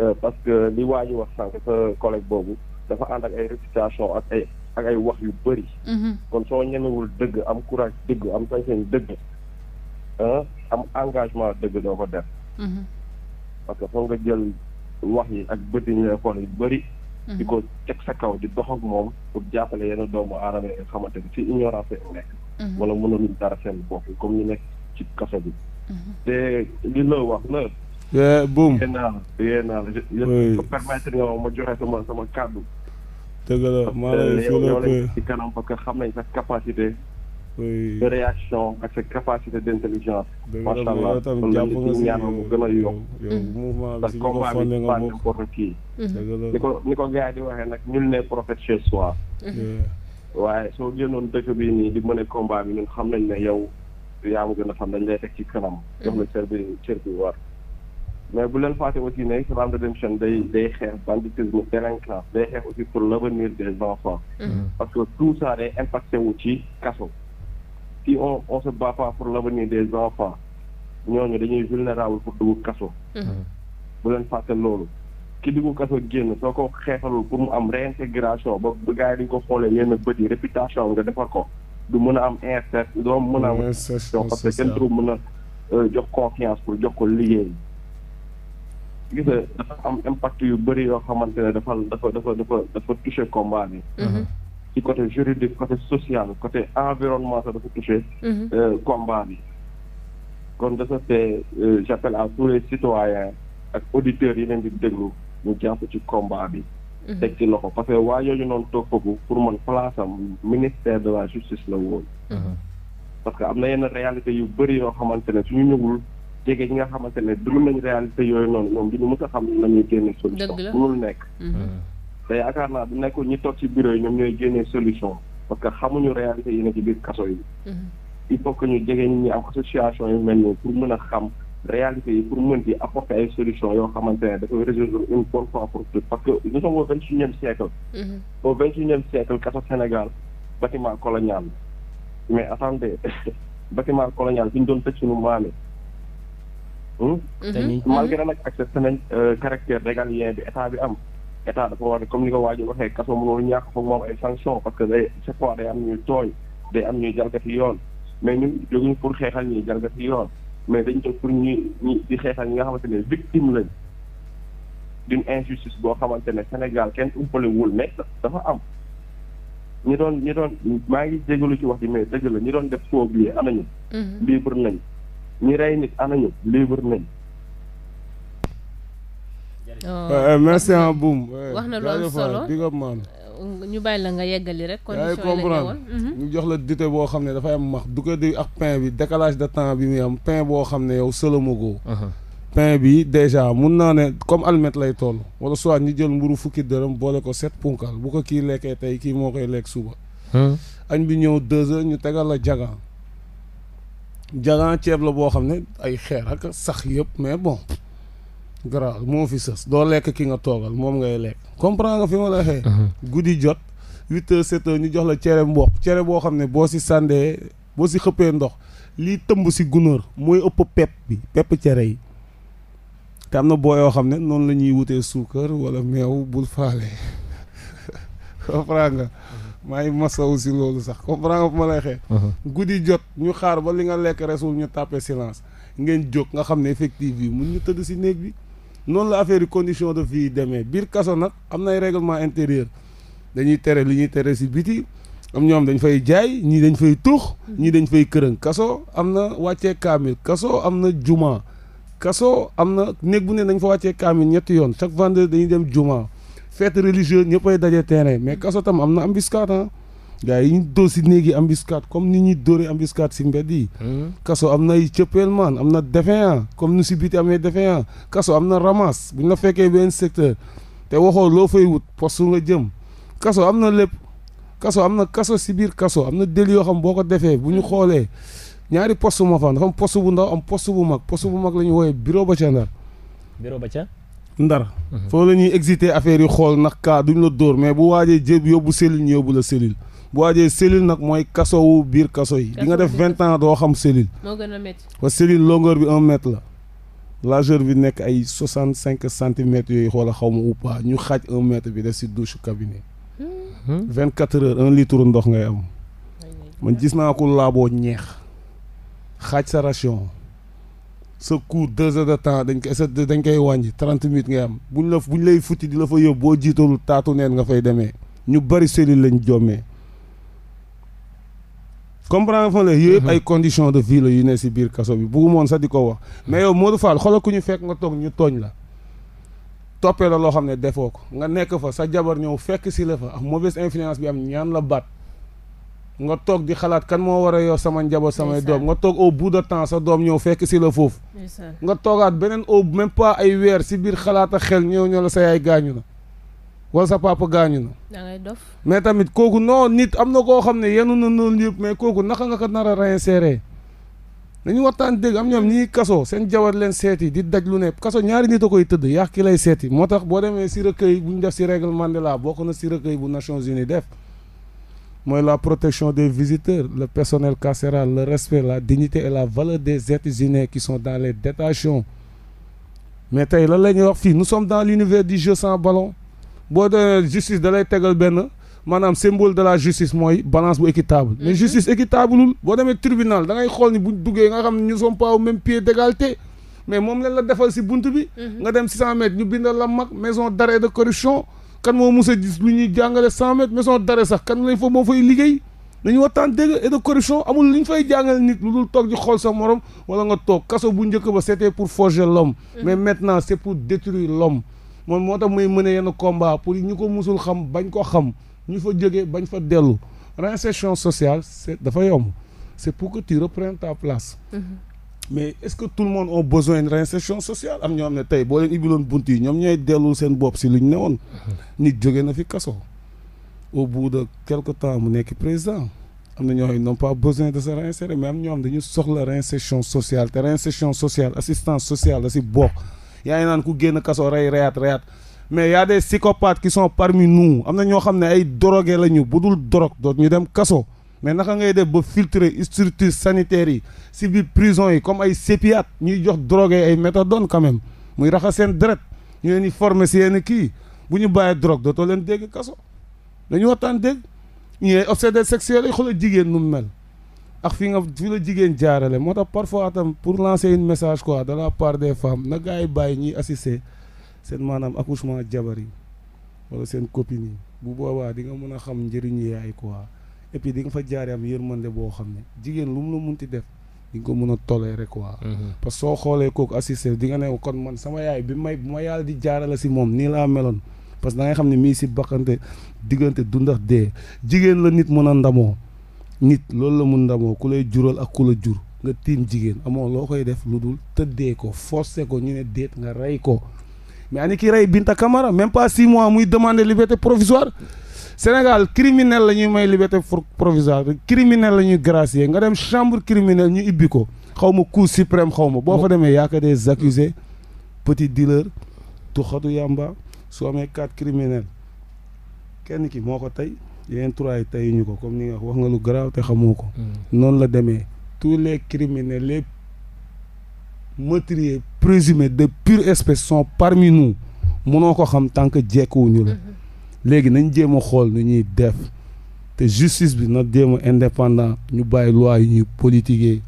Euh, parce que li waa ji wax sànq sa collègue boobu dafa ànd ak ay réputation ak ay ak ay wax yu bëri. Mhm. kon soo ñemewul dëgg am courage dëgg am sañ-sañ dëgg am engagement dëgg doo ko def. Mhm. parce que foog nga jël wax yi ak bët yi ñu lay xool yu bëri. Mhm. di ko teg sa kaw di dox ak moom pour jàppale yenn doomu aadama yi xamante ni ci ignorance nekk. wala mënaluñ dara seen bopp comme ñu nekk ci kaso bi. te li la wax la. buum yéen naa la yéen naa la. oui nga ma sama sama kàddu.
dëgg la maa lay
kanam parce que xam nañ sa capacité. de réaction ak sa capacité d' intelligence. macha allah kon dañ ciy ñaanal mu gën a yokk.
Mm. parce que combat bi pas n'importe
qui. Mm-hmm. ni ko ni ko gars yi di waxee nag ñun ne prophète chez soi. Mm-hmm. Mm-hmm. waaye soo génnoon dëkk bi nii di mën a combat bi xam nañ ne yow. yaa ma gën a xam dañ lay teg ci kanam. jox la mm-hmm. cër bi cër bi war. mais bu leen fàtte aussi ne dem Redemption day day xeex banditisme délinquance day xeex aussi pour l'avenir des enfants. Mm-hmm. parce que tout ça day impacté wu ci kaso. si on on se bat pas pour l'avenir des enfants ñooñu dañuy vulnérable pour dugg kaso. Mm-hmm. bu leen fàtte loolu. ki dugg kaso génn soo ko xeexalul pour mu am réintégration ba ba gars yi dañu ko xoolee yenn bët yi réputation nga defar ko. du mën a am insertion doo mën a am insertion parce kenn trop mën a euh, jox confiance pour jox ko liggéey gis nga dafa am impact yu bëri yoo xamante ne dafa dafa dafa dafa dafa touché combat bi mhm. ci côté juridique côté social côté environnement sax dafa touché mhm. euh, combat bi kon de ce fait euh, j'appelle à tous les citoyens ak auditeurs yi leen di déglu ñu jàpp ci combat bi Mhm. teg ci loxo parce que waa yooyu noonu toog foofu pour man place am ministère de la justice la woon. Mhm. parce que am na yenn réalité yu bëri yoo xamante ne ñu ñëwul jege ñi nga xamante ne dund nañ réalité yooyu noonu ñoom du a xam ne ñuy génne nekk. Mhm. te yaakaar naa du nekkul ñi toog ci bureau yi ñoom ñooy génne solution parce que xamuñu réalité yi ne ci biir kaso yi. i faut que ñu jege ñi am association yu mel nii pour mën a xam. réalité yi pour mën di apporter ay solutions yoo xamante ne dafay résoudre une bonne fois pour toutes parce que nous sommes au vingt et unième siècle mhm. au vingt et unième siècle kata Sénégal bâtiment colonial mais attendez bâtiment colonial bi ñu doon tëj suñu maale hmm?
mhm. malgré
nag accepté nañ euh, caractère régalien bi état bi am état dafa war comme ni ko waaju waxee kaso mënul ñàkk foog moom ay sanctions parce que day chaque fois day am ñuy tooñ day am ñuy jalgati yoon mais ñun jóguñu pour xeexal ñuy jalgati yoon mais dañu toog pour ñu ñu di xeexal ñi nga xamante ne victime lañ d'une injustice boo xamante ne Sénégal kenn umpale wul mais dafa am ñu doon ñu doon maa ngi jégalu ci wax ji mais dëgg la ñu doon def faux billets anañu mhm. libre nañ ñu rey nit anañu libre nañ
oh.
euh, merci en boum wax na loolu solo
ñu bàyyi la nga yeggali rek. condition yi la
ñu mhm. jox la dité boo xam ne dafay am max du ko di ak pain bi décalage de temps bi muy am pain boo xam ne yow sëlëmagoo. Uh-huh. pain bi déjà mun naa ne comme almet lay toll wala soit ñu jël mburu fukki dërëm boole ko set punkal bu ko kii lekkee tey kii moo koy lekk suba. Uh-huh. añ bi ñëw deux heures ñu tegal la jagan jagan ceeb la boo xam ne ay xeer ak sax yëpp mais bon. garaaw moo fi sës doo lekk ki nga toogal moom ngay lekk comprendre nga fi ma la waxee uh-huh. guddi jot huit heures sept ñu jox la cere mboq cere boo xam ne boo si sandee boo si xëppee ndox lii tëmb si gunóor mooy ëpp pepp bi pepp cere yi te am na boo yoo xam ne noonu la ñuy wutee suukar wala meew bul faale comprendre nga uh-huh. maa ngi masawu si loolu sax comprendre nga fu ma lay xee uh-huh. guddi jot ñu xaar ba li nga lekk resul ñu tàppe silence ngeen jóg nga xam ne effective bi mun ñu tëdd si néeg bi noonu la affaire yi condition de vie demee biir kaso nag am nay règlement intérieur dañuy tere li ñuy tere si biti am ñoom dañ fay jaay ñii dañ fay tuux ñii dañ fay kërën kaso am na wàccee kaamil kaso am na juma kaso am na néeg bu ne dañ fa wàccee kaamil ñetti yoon chaque vendredi dañuy dem juma fête religieuse ñëppay daje terrain mais kaso tam am na embuscade gars yi ñu dóor si néegi embuscade comme ni ñuy dóoree embuscade si mbedd yi. Hmm. kaso am na cëppeel maan am na défaillant comme nu si biti amee défaillant kaso am na ramasse bu ñu la fekkee benn secteur te waxoo loo fay wut poste nga jëm kaso am na lépp kaso am na kaso si biir kaso am na délit yoo xam boo ko defee bu ñu xoolee ñaari poste moo fa am poste bu ndaw am poste bu mag post bu mag la ñu woowee bureau ba ca ndar. bureau ba ca. ndar hmm. foo la ñuy excité affaire yi xool ndax kaa duñ la dóor mais bu waajee jëb yóbbu cellule ñu yóbbu la cellule. bu waajee cellule nag mooy kasowu biir kaso yi. di nga def vingt ans doo xam cellule. moo gën a bi un mètre la. largeur bi nekk ay soixante cinq centimètres yooyu a xaw ma ou ñu xaaj un mètre bi def si douche cabinet. Hmm. vingt quatre heures un litre ndox ngay am. man gis naa ko laaboo ñeex. xaaj sa ration. sa cours deux heures de temps dañ koy dañ koy wàññi trente minutes ngay am buñ la buñ lay futti di la fa yóbbu boo jiitalul taatu neen nga fay demee ñu bari cellule lañ jommee comprendre nga fa lay yëpp mhm. ay conditions de vie yu ne si biir kaso bi bëggu moon sa di ko wax mhm. mais yow Modou Fall xoolal ku ñu fekk nga toog ñu tooñ la toppee la loo xam ne defoo ko nga nekk fa sa jabar ñëw fekk si la fa ak mauvaise influence bi ñaan la baat nga toog di xalaat kan moo war yor sama njaboot samay doom nga toog au bout temps sa doom ñëw fekk si la foofu nga toogaat beneen au même pas ay weer si biir xalaat ak xel ñëw ñoo la sa yaay gaañu na wala sa papa gaañu na. da mais tamit kooku noo nit am na koo xam ne yenu na noonu yëpp mais kooku naka nga ko nar a réinsérer dañu waxtaan dégg am ñoom ñii kaso seen jabar leen seeti di daj lu ne kaso ñaari nit a koy tëdd yàq ki lay seeti moo tax boo demee si recueil bu ñu def si règlement de la bokk na si recueil bu Nations Unies def. mooy la protection des visiteurs le personnel carcéral le respect la dignité et la valeur de êtres humains qui sont les détentions mais tey lan la ñuy wax fii nous sommes dans l'univers du jeu sans ballon. boo demee justice da tegal benn maanaam symbole de la justice mooy balance bu équitable mais mhm. justice équitable boo demee tribunal da ngay xool ni bu duggee nga xam ne ñu sommes pas au pied d'égalité mais moom lañ la defal si bunt bi mhm. nga dem 600 ñu bindal la mag maison d'arrêt de corruption kan moo mos a gis lu ñuy jàngale 100 mètres maison d'arrêt sax kan lañ fa moo fay liggéey ñu waxtaan dëgg et de corruption amul li ñu fay jàngal nit lu dul toog di xool sa morom wala nga toog kaso bu njëkk ba c'était pour forger l'homme mhm. mais maintenant c'est pour détruire moom moo tax muy mëne yenn combat pour ñu ko musul xam bañ koo xam ñu fa jóge bañ fa dellu réinsertion sociale c'est dafa yomb c'est pour que tu reprennes ta place mm-hmm. mais est-ce que tout le monde a besoin de réinsertion sociale am ñoo xam ne tey boo leen ibiloon bunt yi ñoom ñooy dellul seen bopp si lu ñu ne woon mm-hmm. nit jóge na fi kaso au bout de quelque temps mu nekk président am na ñoo xam ne n'ont pas besoin de se réinsérer soxla réinsertion sociale te réinsertion sociale assistance sociale si bokk yaa ngi naan ku génn kaso rey reyaat reyaat mais y a des psychopathes qui sont parmi nous am na ñoo xam ne ay drogué la ñu bu dul drogue doot ñu dem kaso mais naka ngay def ba filtrer structures sanitaires yi si biir prison yi comme ay sépiat ñuy jox drogué ay méthadone quand même muy raxas seen deret ñu leen forme former si yenn kii bu ñu bàyyee drogue dootoo leen dégg kaso dañu waxtaan dégg ñu ay obsédé sexuel ay xoolal jigéen nu mu mel ak fi nga fi la jigéen jaarale moo tax parfois tam pour lancer une message quoi de la part de femmes na gaa yi bàyyi ñuy assister seen maanaam accouchement jabar yi wala seen copine yi bu boobaa di nga mën a xam njëriñu yaay quoi et puis di nga fa jaaree am yërmande boo xam ne jigéen lu mu mun ti def di nga ko mën a tolérer quoi. Mm-hmm. parce que soo xoolee kook assister di nga ne kon man sama yaay bi may bu ma yàlla di jaarale si moom nii laa meloon parce que da xam ne mii si bakkante diggante du ndax dee jigéen la nit mën a ndamoo. nit loolu la mun ndamoo ku lay jural ak ku la jur nga tiim jigéen amoo loo koy def lu dul tëddee ko forcé ko ñu ne déet nga rey ko mais ani ki rey Binta Camara même pas six mois muy demander liberté provisoire Sénégal criminel la ñuy may liberté provisoire criminel la ñuy gracier nga dem chambre criminelle ñu ibbi ko xaw ma cour suprême xaw ma boo fa demee yaaka des accusés petit dealer tuxatu yàmba su amee quatre criminel kenn ki moo ko tey yeneen trois yi tayuñu ko comme ni nga wax nga lu garaaw te xamoo ko. Mm. noonu la demee tous les criminels les meurtriers présumés de pur espèce sont parmi nous mënoo ko xam tant que jekkuwuñu la. Mm-hmm. léegi nañ jéem a xool nu ñuy def te justice bi na jéem a indépendant ñu bàyyi loi yi ñuy politiquer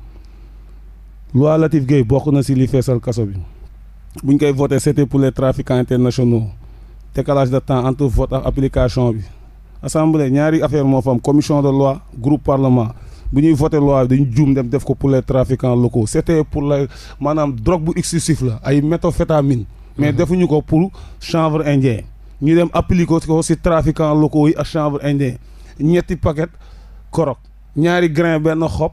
loi Latif Gueye bokk na si li feesal kaso bi buñ koy voté c'était pour les trafiquants internationaux décalage de temps entre vote ak application bi. assemblée ñaari affaire moo fa am commission de loi groupe parlement bu ñuy voté loi dañu juum dem def ko pour les trafiquants locaux c'était pour la maanaam drogue bu excessif la ay méthamphétamine mais mhm. defuñu ko pour chanvre indien ñu dem appliqué ko ci trafiquants locaux yi ak chanvre indien ñetti paquet korok ñaari grain benn xob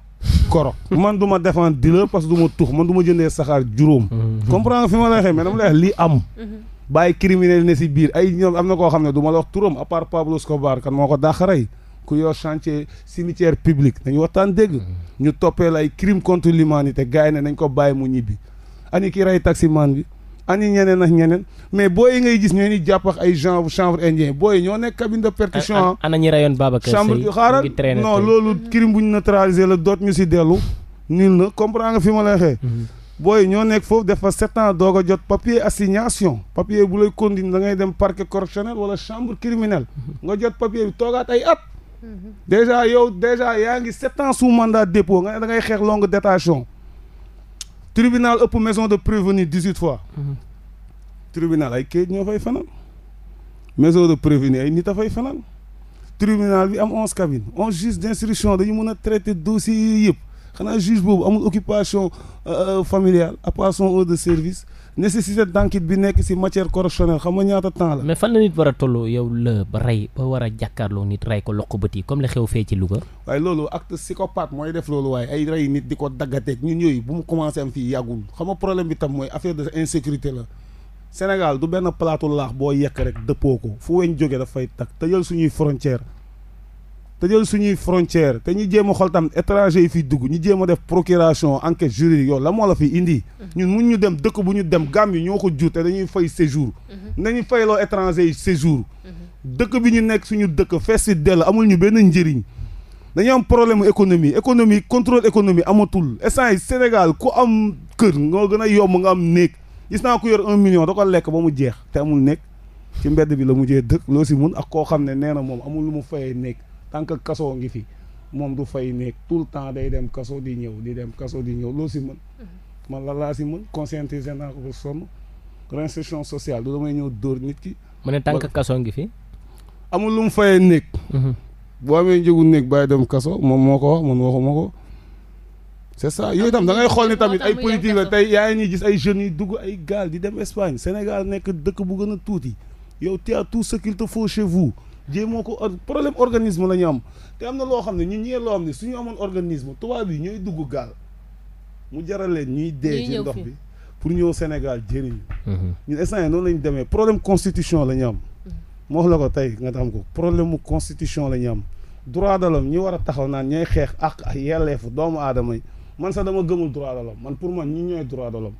korok man du ma défendre dealer parce que du ma tux man du ma jëndee saxaar juróom mhm. comprends fi ma lay waxee mais dama lii am mhm. bàyyi criminel ne si biir ay ñoom am na koo xam ne duma la wax turam à part Pablo Escobar kan moo ko dàqaray ku yor chantier cimetière public dañu waxtaan dégg ñu toppee la ay crime contre l'humanité gars yi ne nañ ko bàyyi mu ñibbi ani ki rey taximan bi ani ñeneen ak ñeneen mais boo yi ngay gis ñoo ni jàpp ak ay genre chanvre indien booy ñoo nekk cabine de percussion
ana ñi rayoon Babacar chambre xaaral
non loolu crime bu ñu neutraliser la doot ñu si dellu nil na comprend nga ma lay xee mhm. booy ñoo nekk foofu def fa sept ans doog a jot papier assignation papier bu lay continuer da ngay dem parquet correctionnel wala chambre criminelle nga jot papier bi toogaat ay at. Mhm. déjà yow déjà yaa ngi sept ans sous mandat dépôt nga ne da ngay xeex longue détention tribunal ëpp maison de prévenu dix huit fois. Mhm. tribunal ay kayit ñoo fay fanaan maison de prévenu ay nit a fay fanaan tribunal bi am onze cabines onze juges d'instruction dañu mën a traiter dossiers yii yëpp. xanaa juge boobu amul occupation euh, euh, familiale à part de service nécessité d'enquête bi nekk ci matière correctionnelle xam nga ñaata temps la.
mais fan la nit war a toll yow la ba rey ba war a jàkkaarloo nit rey ko loq bët yi comme la xew fee ci Louga.
waaye loolu acte psychopathe mooy def loolu waaye ay rey nit di ko daggateeg ñun yooyu bu mu commencé am fii yàggul xam nga problème bi tam mooy affaire de insécurité la. Sénégal du benn plateau laax boo yekk rek dëppoo ko fu weñ jógee dafay tak tëjal suñuy frontière tëjal suñuy frontière te ñu jéem a xool tam étranger yi fiy dugg ñu jéem a def procuration enquête juridique yow la moo la fi indi. ñun mun ñu dem dëkk bu ñu dem Gambie ñoo ko jur te dañuy fay séjour. Mhm. nañu fayloo étranger yi séjour. Mhm. dëkk bi ñu nekk suñu dëkk fees si dell amul ñu benn njëriñ. dañu am problème économie économie contrôle économie amatul instant Sénégal ku am kër ngoo gën a yomb nga am néeg gis naa ko yor un million da ko lekk ba mu jeex te amul néeg ci mbedd bi la mujjee dëkk loo si mun ak koo xam ne nee na moom amul lu mu fayee néeg tant que kasoo ngi fi moom du fay nekk tout le temps day dem kaso di ñëw di dem kaso di ñëw loo si mën mhm. man la laa si mën conscientiser naa ko sonn réinsertion sociale du damay ñëw dóor nit ki mu ne tant que
kaso ngi fi
amul lu mu fayee néeg mhm. boo amee njëgu néeg bàyyi da
ngay xool ni tamit ay politique
la tey yaa ngi gis yi dugg ay gaal di dem Espagne Sénégal nekk dëkk bu gën a tuuti yow tu tout ce qu'il te jéemoo ko problème organisme la ñu am te am na loo xam ne ñun ñee loo xam ne suñu amoon organisme tubaab yi ñooy dugg gaal mu jaraleen ñuy dee ci ndox bi pour ñëw Sénégal jëriñ mhm. ñun instant yi noonu lañu ñu demee problème constitution la ñu am moo mhm. la ko tey nga xam ko problème mu constitution la ñu am droit de l'homme ñi war a taxaw naan ñooy xeex ak ak yelleefu doomu aadama yi man sax dama gëmul droit de l'homme man pour man ñi ñooy droit de l'homme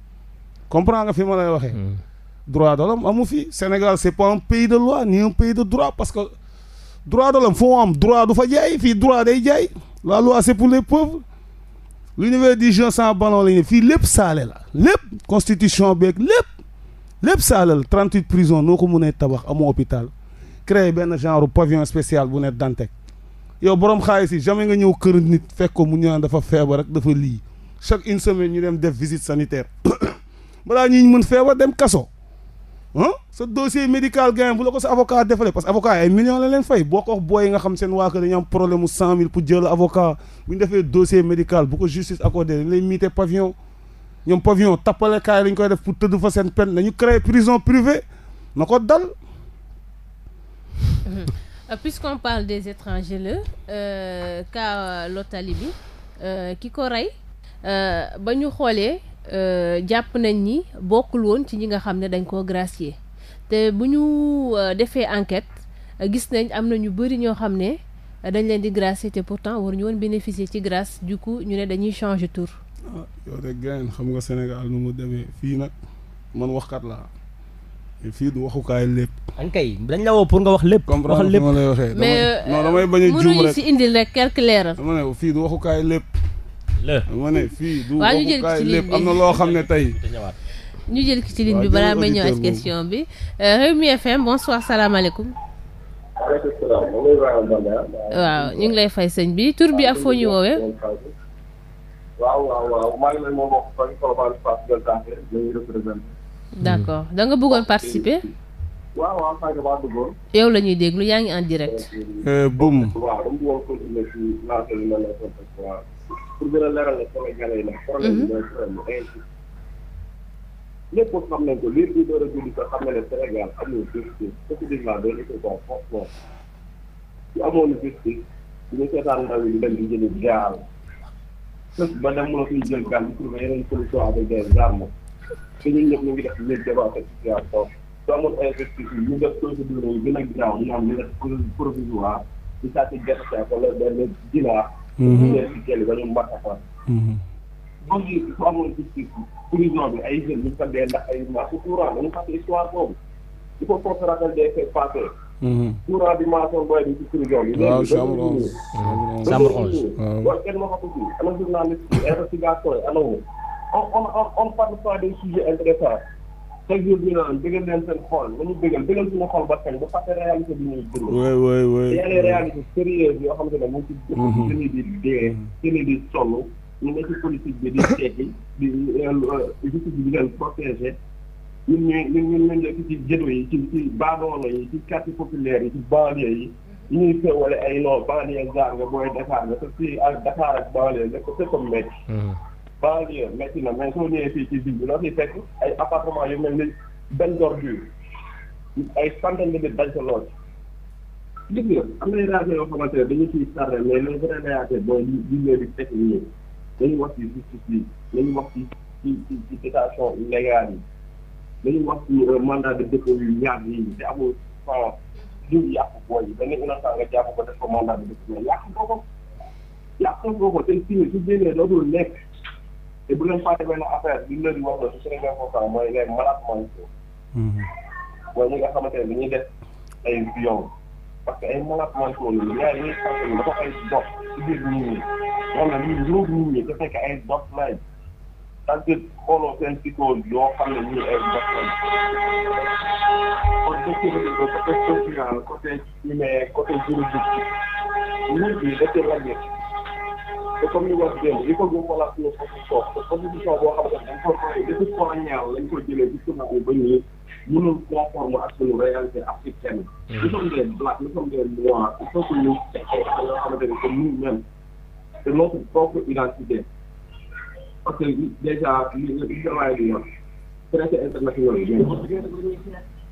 comprend nga fi ma lay waxee mhm. droit de l'homme amu fi Sénégal c'est pas un pays de loi ni un pays de droit parce que droit de foo am droit du fa jaay fii droit day jaay la loi c'est pour les pauvres l'univers du jeu sans ballon la fii lépp saale la lépp constitution beeg lépp lépp saale la 38 prison noo ko mënee tabax amoo hôpital créer benn genre pavillon spécial bu ne Dantec yow borom xaalis yi jamais nga ñëw kër nit fekk ko mu ñëw dafa feebar rek dafa lii chaque une semaine ñu dem def visite sanitaire balaa ñuy mën feebar dem kaso. ah sa dossier médical gain bu la ko sa avocat defalee parce que avocat ay millions la leen fay boo ko wax booy yi nga xam seen waa kër dañu am problème mu cent mille pour jël avocat bu defee dossier médical bu ko justice accordé dañ lay miite pavillon ñoom pavillon tappale kaay lañ koy def pour tëdd fa seen pen dañu créer prison privée na ko dal.
Euh, puisqu'on parle des étrangers la euh, cas bi euh, ki ko rey euh, ba ñu xoolee. Euh, jàpp nañ ni bokkul woon ci ñi nga xam ne dañ koo gracier te bu ñu euh, defee enquete euh, gis nañ am na ñu bëri ñoo xam ne dañ leen di gracier te pourtant war ñu woon bénéficier ci grace du coup ñu ne dañuy changer tour ah,
yow de gayen xam nga Sénégal nu mu demee fii nag man waxkat laa fii du waxukaay lépp.
an dañ la woo pour nga wax lépp. waxal lépp comprendre ma mais non damay bañ a juum rek si
indil rek quelque leeral. dama ne fii du waxukaay lépp.
ma ne fii du waxukaay lépp am na loo
xam ne tey
ñu jël ki ci ligne bi balaa may ñëwaat question bi euh, Rewmi FM bonsoir salaamaaleykum waaw ñu ngi lay fay sëñ bi tur bi ak foo ñu woowee waaw waaw bëggoon participer yow la déglu yaa ngi en direct euh, boum
pour gën a leeral ne Sénégalais yi nag mhm. problème bi mooy problème bi ñëpp xam nañ ko liir bi door a julli sax xam na ne Sénégal amul justice spécifiquement de l'école foofu su amoon justice ñu seetaan ndaw yi dem di jëli gaal ba dem mën a fiy jël gaal di trouver yeneen solution avec des armes te ñun ñëpp ñu ngi def léegi débat ak situation su amoon injustice yi ñu def procédure yi gën a gaaw ñu am ñu def provisoire di sàcc gerte wala benn ginaar dañu leen di jëli ba ñu mbar a ñooñu su amoon justice prison bi ay jeunes ñu ko dee ndax ay ma su courant dañu fàtte histoire boobu il faut qu'on se rappelle des faits passés. courant bi maa soog booy bi ci prison bi. waaw chambre onze chambre onze waaw kenn moo ko tudd ana journaliste investigation yi ana on on on parle pas des sujets intéressants chaque jour bi ñu naan dëggal leen seen xol nañu dëggal dëggal suñu xol ba kañ ba fàtte réalité bi ñuy dund. oui oui oui yeneen réalité sérieuse yoo xam ne moom ci dëkk mm-hmm. seen di dee seen di sonn ñu nekk ci politique bi di seeti di euh, justice bi di leen protégé ñun ñu ñun ñun ñu nekk ci ghetto yi ci ci baadoolo yi ci quartier populaire yi ci banlieue yi mm-hmm. ñuy féewale ay non banlieue gaar nga booy Dakar nga te fii ak Dakar ak banlieue nga ko c'est comme métti banlieue métti na mais soo ñëwee fii ci ville bi loo fi fekk ay appartement yu mel ni benn d'ordure ay centaine de nit dañ ko lool. gis nga am na ay réaction yoo xamante ne dañu ciy sarre mais les vraies réalités mooy li li ñu di teg nii dañu wax ci justice bi dañu wax ci ci ci ci détention illégale yi dañu wax ci euh, mandat de dépôt yu ñaar yi te amul sens liñ yàq booy yi benn innocent nga jàpp ko def ko mandat de dépôt mais yàq nga ko yàq nga ko te fii su génnee dootul nekk. te bu leen fàtte benn affaire bi ñu wax la su Sénégal foofu mooy les malades mentaux. mooy ñi nga xamante ne dañuy def ay viol parce que ay malades mentaux lañu ñaari ñuy fàtte dafa ay dof ci biir nit ñi xam ne ñun ñoo nit ñi dafa fekk ay dof lañ tant que xooloo seen psychose yoo xam ne ñun ay dof lañ. kon dëkk bi côté social côté humain côté juridique bi nit ñi daf te comme ni wax démb li ko gëm wala suñu position te position boo xam ne dañ ko defi colonial lañ ko jëlee ci suñu ba ñu mënul conforme ak suñu réalité africaine. nous sommes des blacks nous sommes des noirs il faut que ñu fekkee nga xamante ne que nous-mêmes de notre propre identité parce que déjà li li li nga waay di wax traité international bi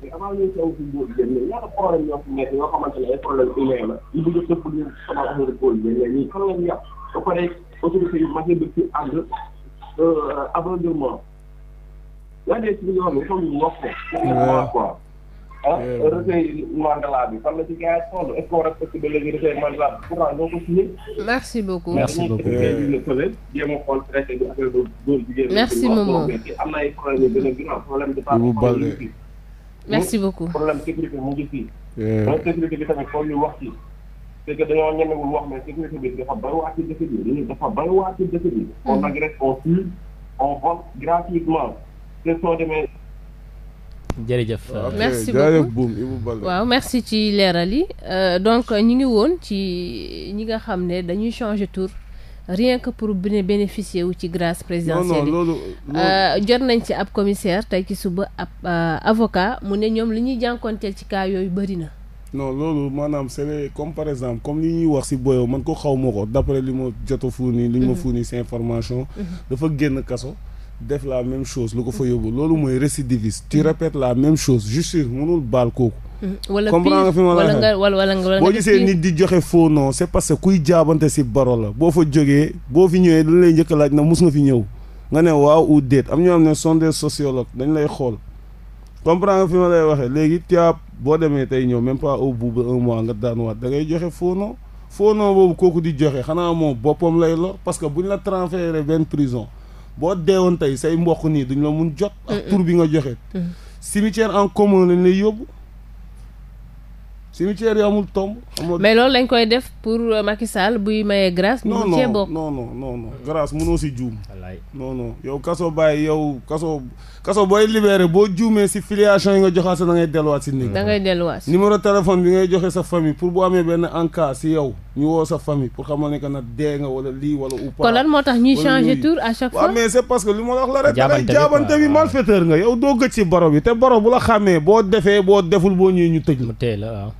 mais avant ñuy teew si góor jigéen ñi ñaata problème ñoo fi nekk yoo xamante ne ay problème humain la yu bëgg a tëpp ñu sama affaire góor jigéen ñi ñii fan ngeen yàq ba pare autorité yu mag yi dëkk ci ànd euh, aveuglement yaa ngi si li nga xam ne foog ñu wax ko. waaw quoi. ah recueil Mandela bi fan la ci gars yi toll est ce que war a fekk ba léegi recueil Mandela bi pourtant ñoo ko signé.
merci beaucoup merci beaucoup mais bu ñu
xoolee jéem a xool traité bi affaire góor jigéen. merci Momo am na ay problème yu gën a gën a problème de. merci beaucoup problème sécurité mu ngi fii. problème sécurité bi tamit foog ñu wax ci. c'est que dañoo ñemewul wax mais sécurité bi dafa bariwaat ci dëkk bi dafa bariwaat ci dëkk bi. Mm. on agresse on tue on vole gratuitement te soo demee.
jërëjëf merci beaucoup
waaw merci ci leeral yi euh, donc ñu ngi woon ci ñi nga xam ne dañuy changer tour rien que pour bénéficier wu ci grâce présidentielle yi euh, jot nañ ci ab commissaire tey ci suba ab euh, avocat mu ne ñoom li ñuy jànkonteel ci cas yooyu bëri na
non loolu maanaam c'est comme par exemple comme li ñuy wax si boyo man ko xaw ma ko d'après li ma jot a fourni li ñu ma mhm. fourni seen formation mhm. dafa génn kaso def la même chose lu ko fa yóbbu loolu mooy récidiviste tu répètes la même chose justice mënul baal kooku.
Mmh. wala nga fi wala wala boo gisee nit
di joxe faux nom c'est que kuy jaabante si baro la boo fa jógee boo fi ñëwee dañ lay njëkk laaj na mus nga fi ñëw nga ne waaw ou déet am ñoo xam ne sont des dañ lay xool comprend nga fi ma lay waxee léegi tiab boo demee tey ñëw même pas au bu de mois nga daan waat da ngay joxe faux nom faux nom boobu kooku di joxe xanaa moom boppam lay lor parce que buñ la transféré benn prison boo deewoon tey say mboq nii duñ la mun jot. ak tur bi nga joxe. cimetière en commun lañ lay yóbbu. cimetière yi amul tomb. mais loolu
lañ koy def pour euh, Macky Sall buy mayee grâce. mu cee bokk
non non non non grâce si jum non non yow kaso bàyyi yow kaso kaso booy libéré boo juumee si filiation yi nga joxaat sa da ngay delluwaat si néeg da ngay delluwaat numéro téléphone bi ngay joxe sa famille pour bu amee benn en cas si yow ñu woo sa famille pour xamal ne que na dee nga wala lii wala ou pas kon lan
moo tax ñuy changer tour à chaque fois mais c'est parce que li ma la wax
la rek da ngay jaabante bi malfaiteur nga yow doo gëj si baro bi te baro bu la xàmmee boo defee boo deful boo ñëwee ñu tëj la waaw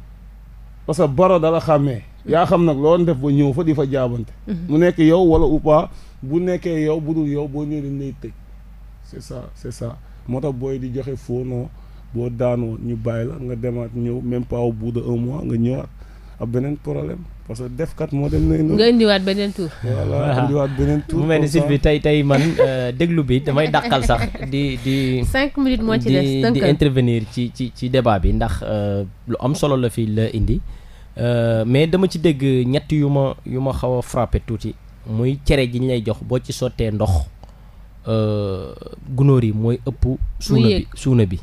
parce que baro dala xàmmee yaa xam nag loolu def ba ñëw fa di fa jaabante mhm. mu nekk yow wala ou pas bu nekkee yow bu dul yow boo ñëwee dañ lay tëj c'est ça c'est ça booy di joxe faux nom boo daanoo ñu bàyyi la nga demaat ñëw même pas au bout de mois nga ñëwaat ab beneen problème parce que defkat moo dem nañu.
indiwaat beneen tour voilà
mu mel ni site bi tey tey man euh, déglu bi damay dàqal sax di di. cinq minutes moo ci des di euh, intervenir ci ci ci débat bi ndax euh, lu am solo la fii la indi mais dama ci dégg ñett yu ma yu ma xaw a frappé tuuti muy cere ji ñu lay jox boo ci sottee ndox. Euh, gunóor yi mooy ëpp suuna bi suuna bi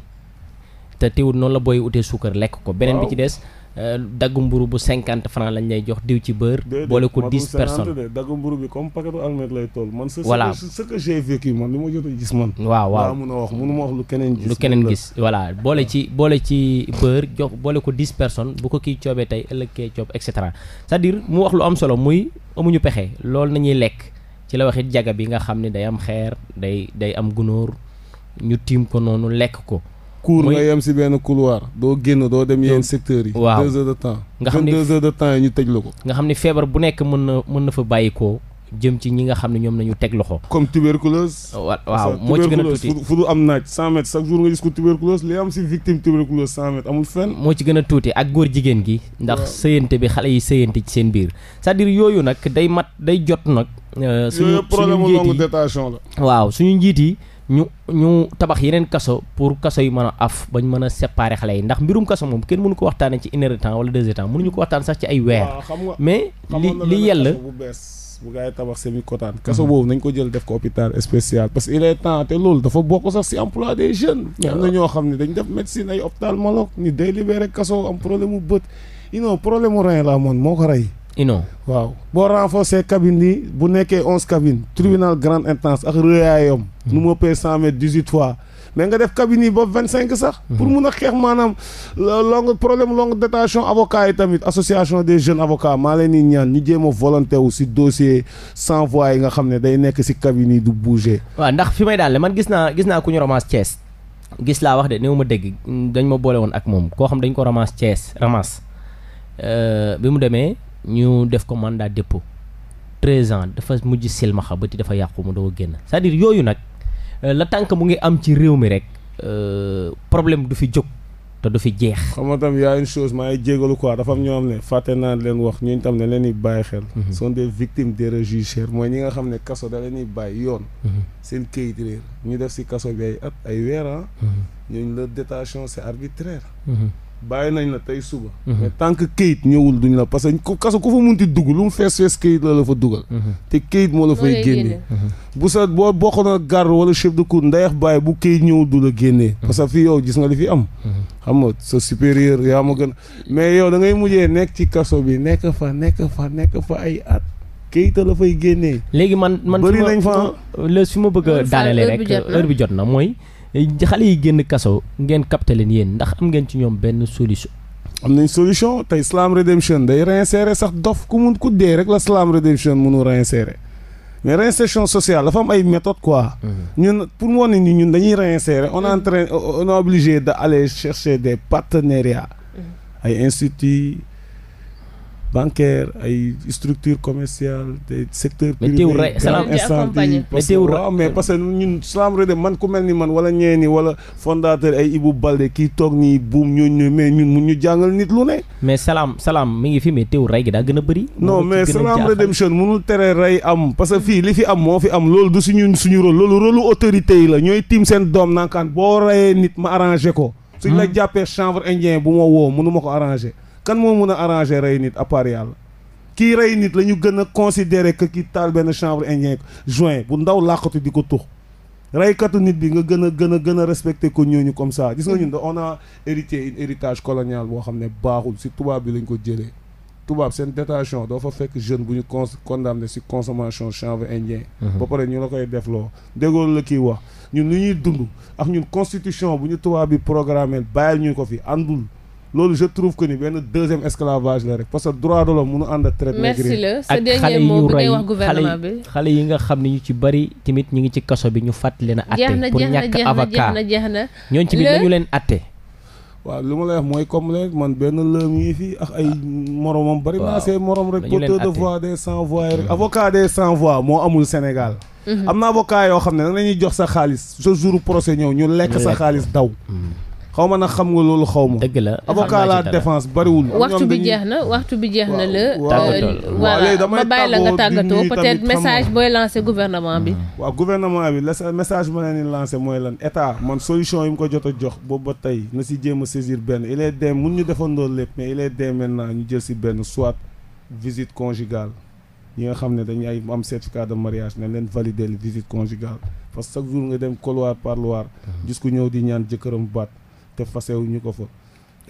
te teewul noonu la booy utee suukar lekk ko beneen bi ci des euh, dagg mburu bu cinquante franc lañ lay jox diw ci beurre boole ko dix personnes
dagg mburu bi comme paquetu almet lay toll man voilà ce que j'ai vécu man gis man waaw waaw mun wax munu ma wax lu keneen gis keneen gis
voilà boole ci boole ci beurre jox boole ko dix personnes bu ko kii coobee tey ëllëg kee coob et cetera cest à mu wax lu am solo muy amuñu pexe loolu nañuy lekk ci la waxit jaga bi nga xam ne day am xeer day day am gunóor ñu tiim ko noonu lekk ko cour nga
yem si benn couloir doo génn doo dem
yenn secteurs yi waaw deux heures de nga xam ne deux heures de ñu tëj la ko nga xam ni feebar bu nekk mën na mën na fa bàyyi bàyyikoo jëm ci ñi nga xam ne ñoom nañu teg loxo.
Oh, waaw moo ci gën a tuuti
fu a ak góor jigéen gi. ndax sëyante bi xale yi sëyante ci seen biir cest à yooyu nag day mat day jot nag. Euh, suñu suñu njiit yi waaw suñu njiit yi ñu ñu tabax yeneen kaso pour kaso yi mën a af bañ mën a séparer xale yi ndax mbirum kaso moom kenn mënu ko waxtaanee ci une heure de temps wala ko waxtaan sax ci ay weer. mais li li yell
bu gars yi tabax semi kotaan kaso boobu nañ ko jël def ko hôpital spécial parce il est
temps te loolu
dafa bokk sax si emploi des jeunes mais am na ñoo xam ne dañ def médecine ay ophtalmologue ñu délibéré kaso am problème mu bët non problème mu rein la amoon moo ko rey non waaw boo renforcer cabine yi bu nekkee onze cabine tribunal grande instance ak rëyaayam hmm. nu mu ëppee cent mètres dix-huit fois mais nga def cabine yi ba vingt cinq sax. Mhm. pour mun a xeex maanaam euh, longue problème longue détention avocat yi tamit association des jeunes avocats maa leen di ñaan ñu jéem a volonté wu si dossier sans voix yi nga xam ne day nekk si cabine yi du bouger.
waaw ndax fi may daal man gis naa gis naa ku ñu romance Thiès gis laa wax de new ma dégg dañ ma boole woon ak moom koo xam dañ ko romance Thiès romance euh, bi mu demee ñu def ko mandat dépôt treize ans dafa mujj silmaxa bëti dafa yàqu mu doo génn cest à yooyu nag. Euh, la tànk mu ngi am ci réew mi rek euh, problème du fi jóg te du fi jeex. xam nga tam
y a une chose maa ngi jégalu quoi dafa am ñoo xam ne fàtte naa leen wax ñu tam ne leen di bàyyi xel. Mhm. sont des victimes des réjugés mooy ñi nga xam ne kaso da leen bàyyi yoon. Mhm. seen këyit réer ñu def si kaso bi ay at ay weer ah. Mhm. ñooñu leur détention c'est arbitraire. bàyyi nañ la tey suba. Mhm. mais tant que kayit ñëwul duñ la parce que ku kaso ku fa mun munti dugg lu mu fees fees kayit la la fa dugal. Mhm. te kayit moo la fay génne. Mhm. bu sa boo bokkoon ak garde wala chef de cour ndayax bàyyi bu kayit ñëwul du la génne parce que yow gis nga li fi am. xam nga sa supérieur yaa ma gën mais yow da ngay mujjee nekk ci kaso bi nekk fa nekk fa nekk fa ay at.
kayit la fay génne léegi man man bëri nañ fa ah. le su ma bëgg a daanele rek heure bi jot na mooy. Eh, xale yi génn kaso ngeen capté leen ndax am ngeen ci ñoom benn solution.
am nañ solution tey Slam Redemption day réinsérer sax dof ku mun ku dee rek la Slam Redemption mënu réinsérer mais réinsertion sociale dafa am ay méthodes quoi. Mm-hmm. ñun pour moo wane ni ñun dañuy réinsérer on est en train on est obligé d'aller chercher des partenariats. Mm-hmm. ay instituts. bancaire ay structure commerciale des secteurs privé grand incendie waaw mais parce que ñun Salam Redem man ku mel ni man wala ñee ni wala fondateur ay Ibou Balde kii toog nii buum ñooñu mais ñun mun ñu
jàngal nit lu ne mais salaam salaam mi ngi fi mais teew rey gi daa gën a bëri non mais Salam
Redemption mënul tere rey am parce que fii li fi am moo fi am loolu du ñun suñu rôle loolu rôlu autorité yi la ñooy tiim seen doom nankaan boo reyee nit ma arrangé ko suñ la hmm. jàppee chanvre indien bu ma woo mënu ko arrangé kan moo mun a arranger rey nit à yàlla kii rey nit la ñu gën a considérer que kii taal benn chambre indien juin bu ndaw làqatu di ko tux reykatu nit bi nga gën a gën a gën a respecté ko ñu comme ça gis nga ñun da on a hérité une héritage colonial boo xam ne baaxul si tubaab bi lañ ko jëlee tubaab seen détention doo fa fekk jeune bu ñu con condamné si consommation chanvre indien mhm. ba pare ñu la koy def loo déggoon la kii wax ñun lu ñuy dund ak ñun constitution bu ñu tubaab bi programmé bàyyil ñu ko fi àndul loolu je
trouve que ni benn deuxième esclavage la rek parce que droit de l'homme mënu ànd ak xale yi nga xam ne ñu ci bari tamit ñu ngi ci kaso bi ñu fàttali na atte pour ñàkk avocat jeex na ci biir nañu leen atte
waaw li ma mooy comme rek benn lëëm yi fi ak ay moromam bari naa see morom rek porteur de voix des sans voix moo amul Sénégal mhm. am na avocat yoo xam ne da ñuy jox sa xaalis ce jour procès ñëw ñu lekk sa xaalis daw mhm. xaw ma nag xam nga loolu xaw ma. dëgg la avocat la défense waxtu bi jeex
na waxtu bi jeex na la. waaw ma bàyyi la nga tàggatoo peut-être message booy lancé gouvernement bi. Mm.
waaw gouvernement bi la message bu ma leen lancé mooy lan état man solution yi mu ko jot a jox boobu ba tey na si jéem a saisir benn il est dem mun ñu defandoo lépp mais il est dem maintenant ñu jël si benn soit visite conjugale. ñi nga xam ne dañu ay am certificat de mariage nañ leen valider visite conjugale parce que chaque jour nga dem couloir par couloir gis mm. ku ñëw di ñaan jëkkëram baat te fasewu ñu ko fa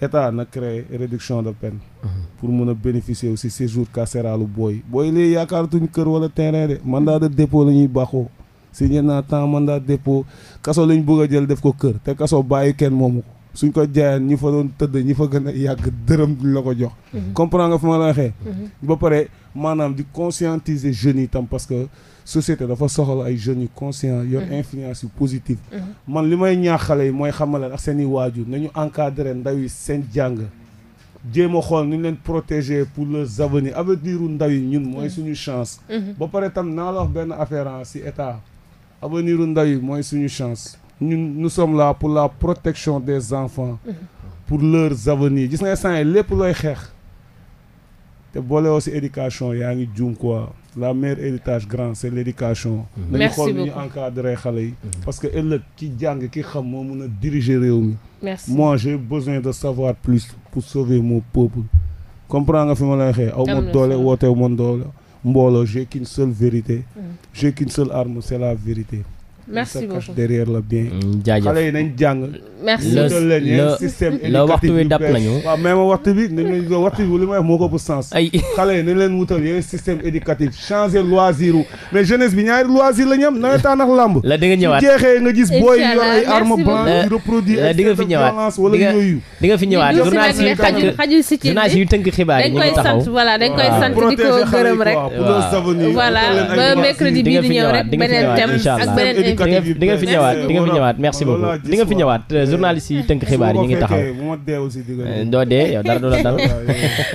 état na créé réduction de peine mhm. pour mun a bénéficier aussi séjour carcéralu booy booy léegi yaakaaratuñ kër wala terrain de mandat de dépôt la ñuy baaxoo signé naa temps mandat de dépôt kaso lañu bëgg a jël def ko kër te kaso bàyyi kenn moomu ko suñ ko jaayaan ñi fa doon tëdd ñi fa gën a yàgg dërëm duñ la ko jox. Mhm. comprend nga fi ma la waxee. Mhm. ba pare maanaam di conscientiser jeunes yi tam parce que société dafa soxla ay jeunes yu conscient yor mhm. influence yu positive. man li may ñaax xale yi mooy xamal ak seen i waajur nañu encadre ndaw yi seen jàng. jéem a xool nu leen protéger pour leurs avenirs avenir u ndaw yi ñun mooy suñu chance. ba pare tam naa la wax benn affaire ah, si état avenir u ndaw yi mooy suñu chance. ñun nous sommes là la protection des enfants mhm. pour leur avenirs gis nga instant yi lépp looy xeex te boole aussi éducation yaa ngi juum quoi la meilleur héritage grand c' est l' éducation mhm. dañu xool ni ñu xale yi mhm. parce que ëllëg ki jàng ki xam moo mun a diriger réew mi moi j'ai besoin de savoir plus pour sove mon peuple comprends nga fi ma lay xee aw ma doole woote ma doole mbooloo j'ai qu'une seule vérité j'ai qu'une seule arme c' la vérité merci la bien.
Mm, jaajëf xale yi nañ jàng. merci le système éducatif waxtu wi dab nañu. waaw même
waxtu bi nañu waxtu bi li may wax moo ko bu sens. ay xale yi nañ leen wutal yeneen système éducatif changer loisir mais jeunesse bi ñaari loisir la ñu am nawetaan làmb. la di nga ñëwaat su jeexee nga gis booy
yu ay arme blanche yu reproduire. la di nga fi ñëwaat di nga di nga fi ñëwaat. journaliste yu tànk
journaliste
yu tënk xibaar yi ñu ngi taxaw. voilà dañ koy sant di ko gërëm rek. voilà ba mercredi di ñëw rek beneen thème di nga fi ñëwaat fi ñëwaat merci beaucoup di nga fi ñëwaat euh, journaliste yi tënk xibaar yi ñu ngi taxaw
euh, doo dee yow dara du dal